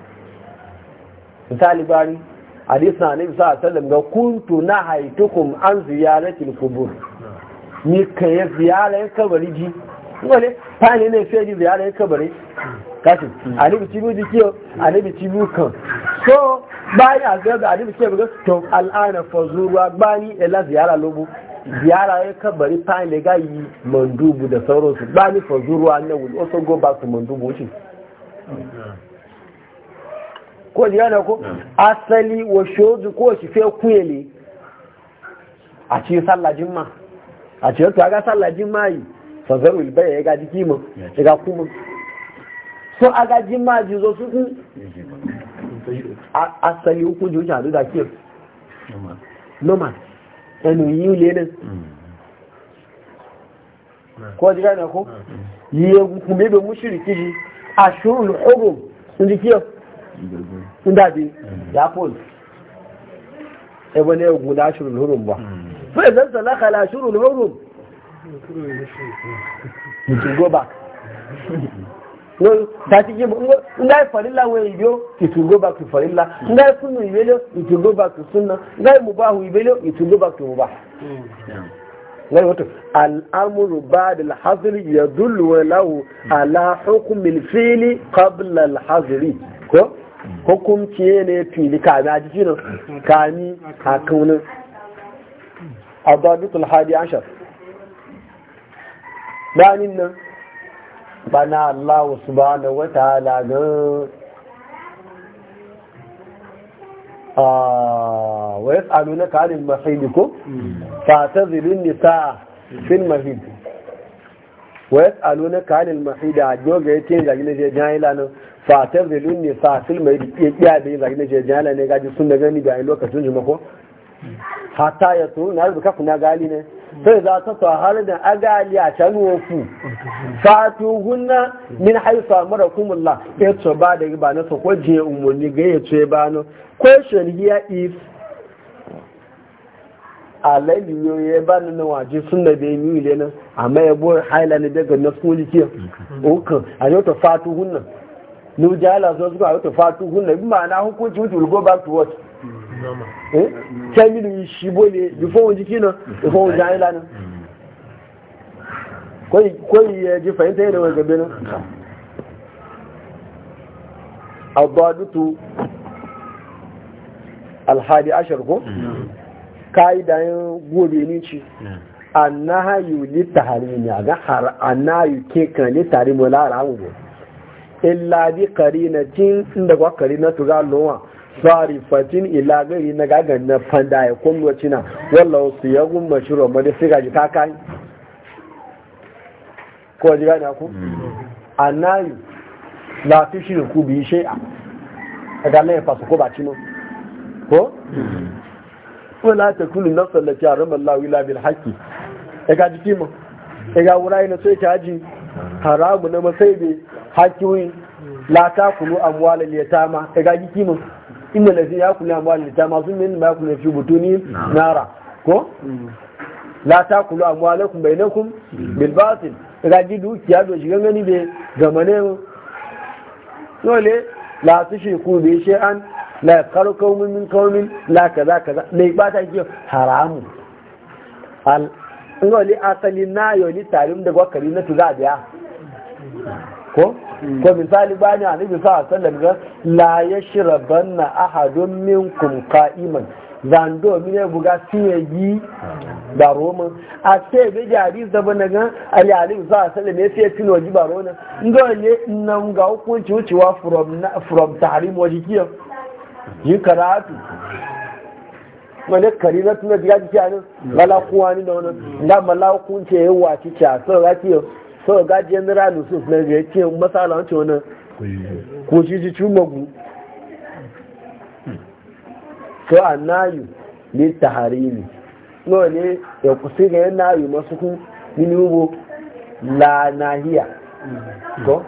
hadisi na nabi sallallahu alaihi ga kuntu na nahaitukum an ziyaratil qubur ni kai ziyarar kabari ji wale fani ne sai ji ziyarar kabari kashi anibi cibu ji kiyo anibi cibu kan so bayan a ziyar da anibi cibu kan to al'ana fazuruwa bani ila ziyara lobo ziyara ya kabari fani ne gayi mandubu da sauransu bani fazuruwa na wuli also go back to mandubu wuce ko jiyana ko mm. asali wa shozu ko shi fe kuyele a ci sallah jimma a ci to aga sallah jimma yi fa zaru ya ga jiki ya ga kuma so aga jimma ji zo su ku asali ku ju hadu da ke normal ẹnu yìí mm. ko ní kọ́ jẹ́ ẹ̀kọ́ yìí egungun mẹ́bẹ̀ mú ṣìrì kìí aṣòrò ọgbọ̀n ní kí ọ Inda daɗi ya fol ebe ne guda shirin hurun ba fai zan salaka la shirin hurun mutum goba tati yi nga yi farilla we ibyo it will go back to farilla nga yi sunu ibelio it will go sunna nga yi mubahu ibelio it will go back to mubah nga wato al'amuru ba'da al-hazri yadullu lahu ala hukmi fili kabla al ko hukunci ne fili kami a jikinan kami a kaunin adabitul hadi ashar bayanin nan bana Allah subhanahu wa ta'ala ga ah wa yas'alunaka 'anil mahid ko fa'tazilun nisa fin mahid wa yas'alunaka 'anil mahid a joga a ga gine je jahila na? fatar da lun ne sa filma yi iya kiya da yin zagina je jihana ne gaji sun da gani da lokacin jimako hata ya turu na rubuka kuna gali ne sai za ta sa har da agali a can wofu fatu min haifa mara kumulla ya ce ba da ba na sako je umarni ga ya ce ba no question here is a yo ya ba na na waje sun da bai yi ile nan amma ya bori haila ne daga na skuliki ukan a yau ta fatu gunna no jala so suka auto fatu hunna bi ma na hukunci mutu go back to what eh sai mi shi bole before won jiki no before won jala no koi koi ya eh, ji fahimta da wani gabe no abadutu alhadi ashar ko ka'idayen gobe ni ci annaha yuli taharimi ga har annayu ke kan li tarimu la haramu illa bi qarinatin inda kwa qarina to ga lowa sarifatin ila gari na gagan na fanda ya kullu cina wallahu gumma shiro ma da siga ji kakai hmm. ko ji gani ku anayi la ku bi shay'a daga lai fasu ko ba cino ko wala kullu nafsan lati harama Allah ila bil haqqi daga E ga wurai na sai ta ji haramu na masaibe hakiwi la ta kulu amwala liyatama e ga giki mun inna lazi ya kulu amwala liyatama sun min ma kulu fi butuni nara ko la ta kulu amwalakum bainakum bil bilbatin e ga dukiya da shigan gani be zamane mu dole la tushriku bi shay'an la karo qaumun min qaumin la kaza kaza ne ba ta ki haramu al nga li asali na yo li tarim da gwakari na tuza biya ko ko misali ni annabi sallallahu a sallar ga la yashrabanna ahadun minkum qa'iman zando ya buga ya yi da roma a ce be jari da bana ga ali ali za sallallahu alaihi wasallam tun ji ba roma nga le nan ga hukunci wucewa from from tarim wajikiya yi karatu mana kari na tuna jiga jiya ne mala kuwa ni da wani da mala hukunce ya wace cha so ga ki so ga general Yusuf na ga ce masala wancan wani ko shi ji chumagu so annayu ni taharimi no ne ya kusi ga yana yi masu kun ni ubo la nahiya ko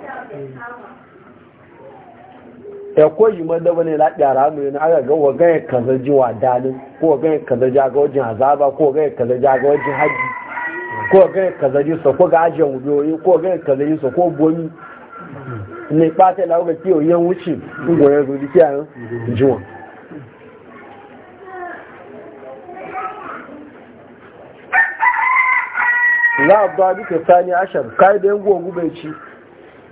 e koyi mada wani laɗiyara mai na aga ga wagaye kaza ji wa dalin ko kaza ji aga wajen azaba ko wagaye kaza ji aga wajen haji ko wagaye kaza ji so ko ga ajiyar wudoyi ji so ko bomi ne ɓata na waga kiyo yan wuce goyon zuri jiwa a ba duka sani ashar kayan da yan gogu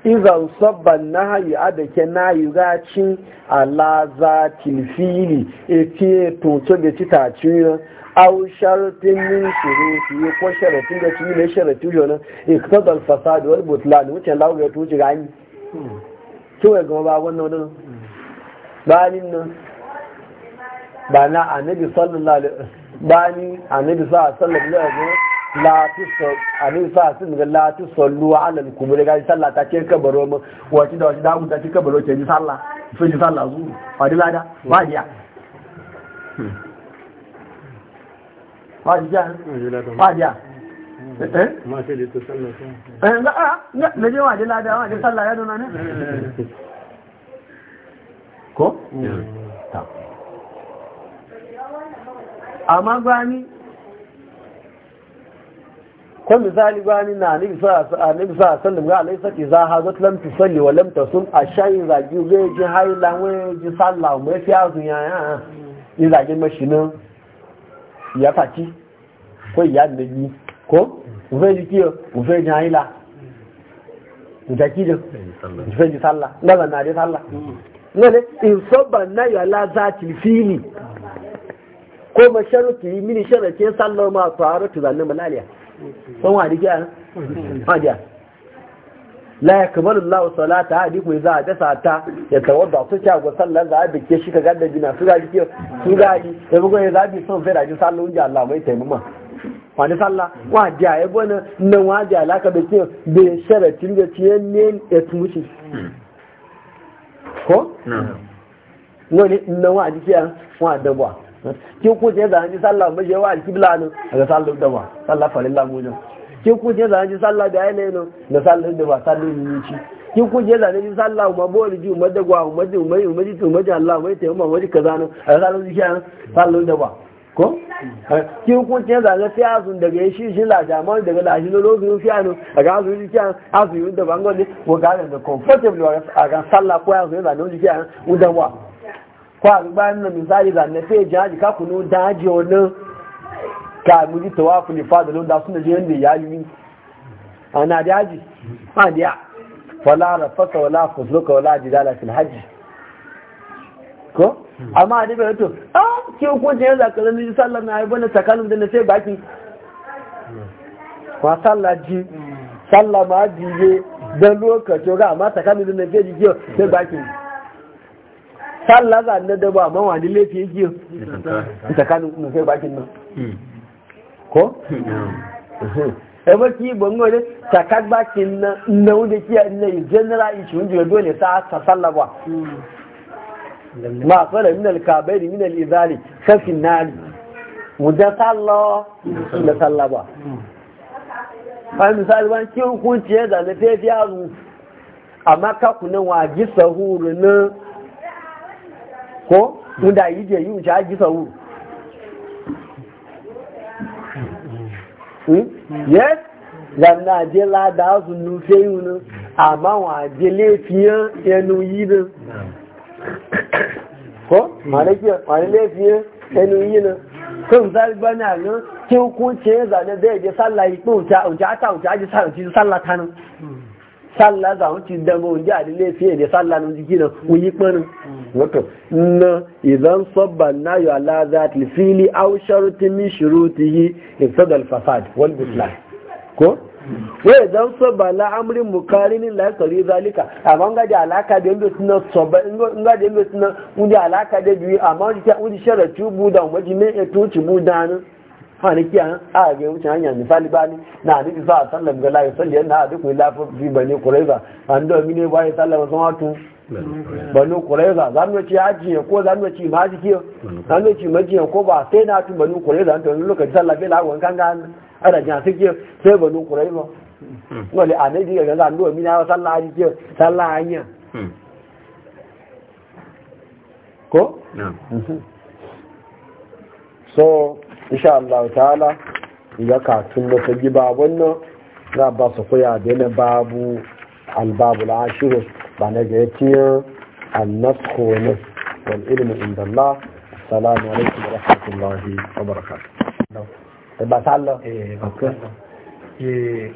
izan sabban na hayi adake na yi gacin alaza tilfili eti tuntu da cita ciyo au sharatin min su yi ko sharatin da ciyo ne sharatin alfasa da wani wal da wucin lawo ya tuci gani to hmm. wai gama ba wannan wannan hmm. bayanin nan ba na anabi sallallahu alaihi wasallam ni anabi sallallahu alaihi wasallam la tusol anin sa sun ga la tusollu ala al-kubur ga sallah ta ce kabaro mu wace da wace da mu ta ce kabaro ce ji sallah su ji sallah zu fadi lada ba dia ba ya? ba dia eh, eh ma ce da sallah ne na na je wa je wa je sallah ya dona ne ko ta amma gani ko misali bani na annabi sa sallam ga alai saki za ha zat lam tusalli wa lam tasum ashayin zagi zai ji hayi lanwe ji sallah mu fi azun ya ya in zagi mashinin ya fati ko ya nabi ko zai ji kiyo zai ji hayi la da ki da zai ji sallah na na da sallah ne in so soba na ya la zati fili ko masharuki mini sharake sallah ma tsaro tuzanin malaliya san wa dike an hadiya la yakbalu Allah salata za a hadasa ta ya tawadda su ta go sallar za a ke shi ka gadda bina su ga dike su ga di da bugo ya zabi son fara ji sallu inja Allah mai taimama ni salla wa ja ya gona nan wa ja laka da ke be sharatin da ciye ne ya shi, ko? Wani nan wa dike an wa dabwa. ke ko je da hanji sallah ba je wa alqibla ne daga sallah da ba sallah fa lillahi ne ke ko je da hanji sallah da ayyana ne da sallah da ba sallah ni ci ke ko je da hanji sallah ma bo ri ju madda gwa ma ji mai ma ji to ma ji Allah mai tayi ma ma ji kaza ne daga sallah ji kan sallah da ba ko ke ko je da ga fiya sun daga shi shi la jama'a daga la shi lo biyu fiya no daga su ji kan azu yunda da ne ko ga da comfortable wa ga sallah ko azu zo da no ji kan da wa ko a gaba nan misali zanne sai jihadi ka kunu daji wani ka muli tawafu ne lo da londa sun da jiyan da ya yi yi a ana daji ma da ya wala rafasa wala fusluka wala jidala fil haji ko amma a dibe wato ah, a ke hukunci jiyan za ka ji sallar na haibu na takalin da na sai baki ma sallar ji hmm. sallar ma jiye don lokacin ga amma takalin da na sai jiye sai baki sallah za na da ba ma mawani laifi yake tsakanin mu sai bakin nan ko e hmm. baki bango ne takak bakin nan na wuce kiya ne general issue wanda dole sa ta sallah ba ma fara min al-kabairi min al-izali kafin nari wuce sallah da sallah ba ba misali ban ki hukunci ya zane sai fiya zu amma kakunan waji sahuru na ko wanda yi je yi wuce aji sau hmm? yes zanna je lada su nufe yi wani amma wa je laifiyan yanu yi nan ko wani laifiyan yanu yi nan kan zarba na nan ki hukunce zane zai je sallah yi ko wuce ata wuce haji sallah ta nan sallah za wuce dama wuce a laifiyan da sallah nan jiki nan wuyi kpanin wato na idan sabban na yi ala za ta fili au sharuti shuru shurutihi ifsad al-fasad wal ko wai idan sabba la amrin mukarinin la yakari zalika amma ga da alaka da yanda suna sabba in ga da yanda suna wani alaka da biyu amma wani ta wani sharatu buda wani ne ya toci buda kiyan a ga wucin hanyar misali bani na sallam ga yana an da mine sun hatu banu kureza zanuci hajiya ko zanuci ma jike zanuci majiya ko ba sai na tu banu kureza to lokaci sallabe la wan kanga ana jan sike sai banu kureza hmm. wale anabi ga zan do mina sallah hajiya sallah hanya hmm. ko (laughs) so insha Allah ta'ala ya ka tun da ta giba wannan za ba su koya da babu الباب العاشر بعد جيتير النسخ ونسخ والعلم عند الله السلام عليكم ورحمة الله وبركاته ba sallah eh ba sallah eh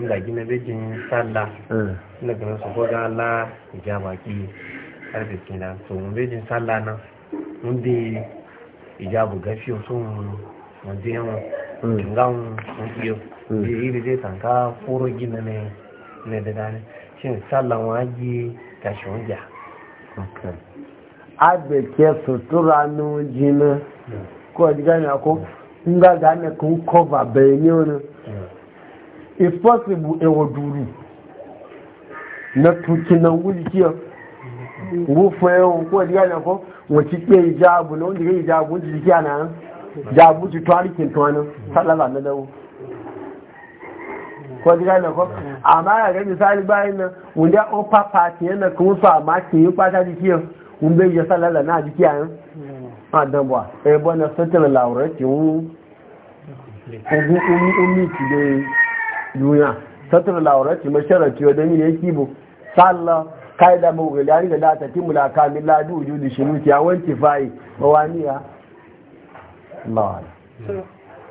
inda gina bejin sallah na gina su ko ya baki to mun bejin sallah na, mun bi ijabu gafi so mun je mun mun ka furo gina ne da dare shin sallan waje ga shunja abe ke sutura nuji na ko diga ne ko nga ga ne kun cover bayani wani if possible e na tuki nan wuli kiyo ngufu yau ko diga ne ko wati pe ijabu na wanda ga ijabu jiki ana jabu ti twarikin tuwanin sallan na dawo ko ji gane ko amma ga misali bayan nan wanda opa party yana kuma su amma ke yi kwata jikiyan un bai ya salala na jikiyan a dan ba eh bona satala laura ke wu ugu umi ki de duniya satala laura ki masharati wadan ne yake bu sallah kaida mu ga lari da ta timula kamila du wujudi shiruti awanti fai wawaniya Allah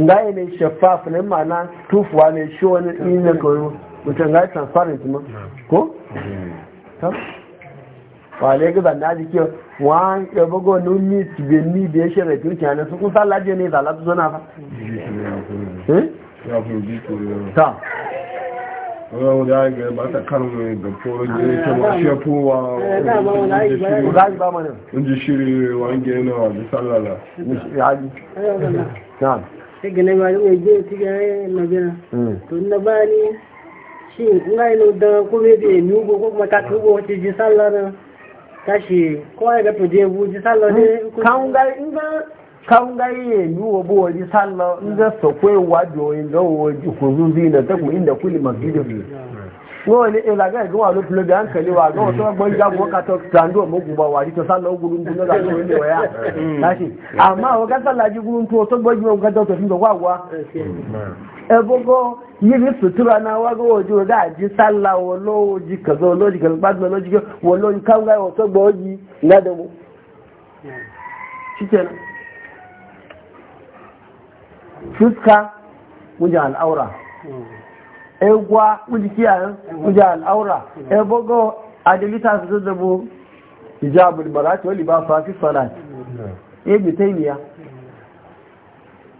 ngaye ne shaffaf ne ma'ana tufuwa ne shi wani inda koyo mutum ngaye transparent ma ko? wale gaza na jike wa ya bago nuni tibeni da ya shirin turki hannun su kusa laje ne da latu zana ba ta wọ́n dá ẹgbẹ̀ bá takarun ẹgbẹ̀ fọ́rọ̀ jẹ́ ìṣẹ́wà ṣẹ́fún wa oúnjẹ ṣírí wọ́n jẹ́ náà àbísálàlá sai gane ma ya je ci ga na bina to na bani shi ina ino da kuma ni go ko kuma ka tubo wace ji sallah na tashi ko ga to je bu ji sallah ne mm. kan ga in ga kan ga ye ni wo bo ji sallah in ga so ko wa do in ga wo ji ko zun zina ta ku inda kulli wọ́n ní ìlàgá ìgbọ́n wà ló fi lóbi à ń tẹ̀lé wa gbọ́n tó gbọ́n jágun wọ́n kàtọ́ tàǹdó ọmọgùn bá wà ní tọ́sá lọ gúrú tó lọ́dà tó lè wẹ̀ yá láti àmọ́ àwọn kásàlájú gúrú tó tó gbọ́n jùlọ nǹkan tó fi lọ wà wá. ẹ̀bọ́gọ́ yìí sùtúra náà wá ojú rẹ̀ àjí sálà olóòjì olóòjì gbádùn olóòjì egwa kuji kiyayen al'aura ebogo adilita su zazzabo hijabul barati wali ba fafi ta ebi taimiya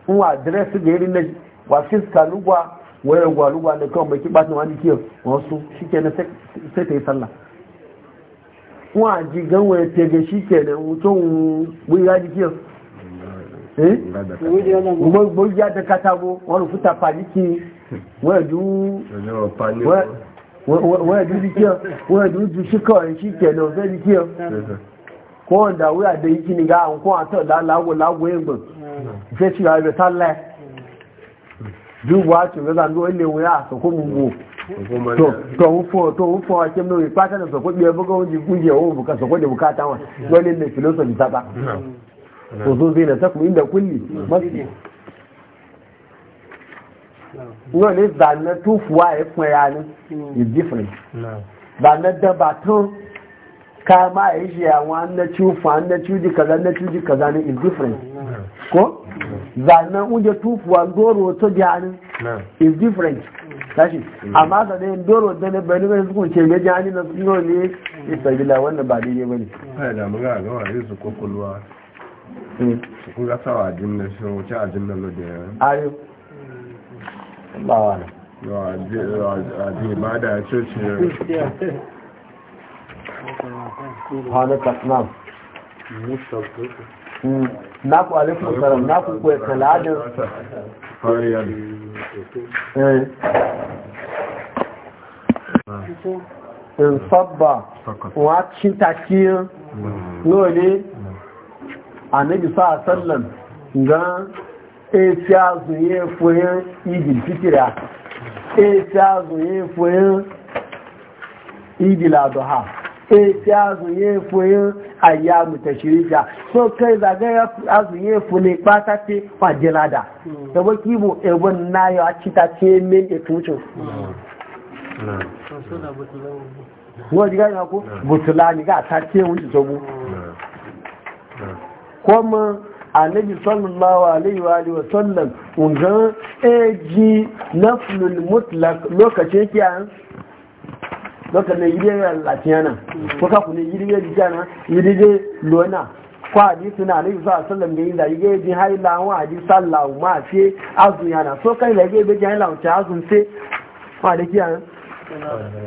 wa adresi ga irin na wa fiska lugwa wa lugwa da kawai mai kiɓa wani kiyo wasu shi ke na sai ta yi wa ji ya tege shi ke na mutum wuya ji kiyo eh? Gbogbo ya da katabo wani futa wọ́n ju ṣíkọ̀ ya kẹ̀lẹ̀ ọ̀fẹ́ ní kí ọ kọ́ ọ̀dàwó àdé ikí ni ga àwọn kọ́ àtọ̀ láwọ́ láwọ́ ẹgbọ̀n ìfẹ́ ṣíra rẹ̀ tálẹ̀ bí ẹgbọ́gọ́ oúnjẹ kúnjẹ òun bùkà sọ̀kọ́ dẹ̀ bùkà táwọn lọ́lẹ́ no ne zanna tufuwa ya kuma yana is different da ba tun kama ya yi yawa na cufa na cuji kaza na cuji kaza ne is different ko zanna unje tufuwa goro to jani is different tashi amma ne doro da ne bai ne su ce ne jani na su ne isa bila wannan ba daidai bane kai da muga ga wa su kokulwa kun ga sawa jinna shi wuce a jinna lo da ba wani na salam na ku kuwa e taladin fariyar in eh. eh, sabba wacin takiyar hmm. nole a nabi sa sallan ga esi azụ ya efuenye idil fitiri a esi azụ ya idil adoha esi azụ ya efuenye so kai zagaya azụ hmm. ya ne kpata ce kwajilada da waki bu ebon na cita ce min etucin wọ́n annabi sallallahu alaihi wa alihi wa sallam ungan eji naflul mutlaq lokacin kiyan lokacin gidan latiyana ko ka kun gidan gidan gidan lona ko hadisi na alaihi wa sallam da da yige ji hai lawa hadisi sallahu ma fi azun yana so kai da yige ji hai lawa ta azun ma da kiyan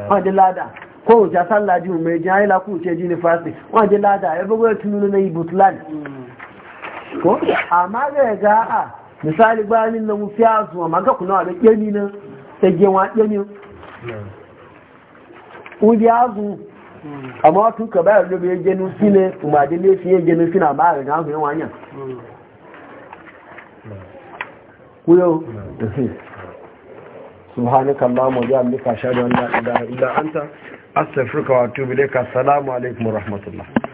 ma da lada ko ja sallaji mu mai ji ku ce ji ni ma da lada ya bugo tununu na ibutlan ko amma ga ga a misali bayanin na mu fiya zuwa maga kuna da kemi nan ta gewa kemi u zu amma ka bayar da bai genu sine kuma da ne fiye genu sina ma ga ga yan wanya kuyo سبحانك اللهم وبحمدك اشهد ان لا اله الا انت استغفرك واتوب اليك السلام عليكم ورحمه الله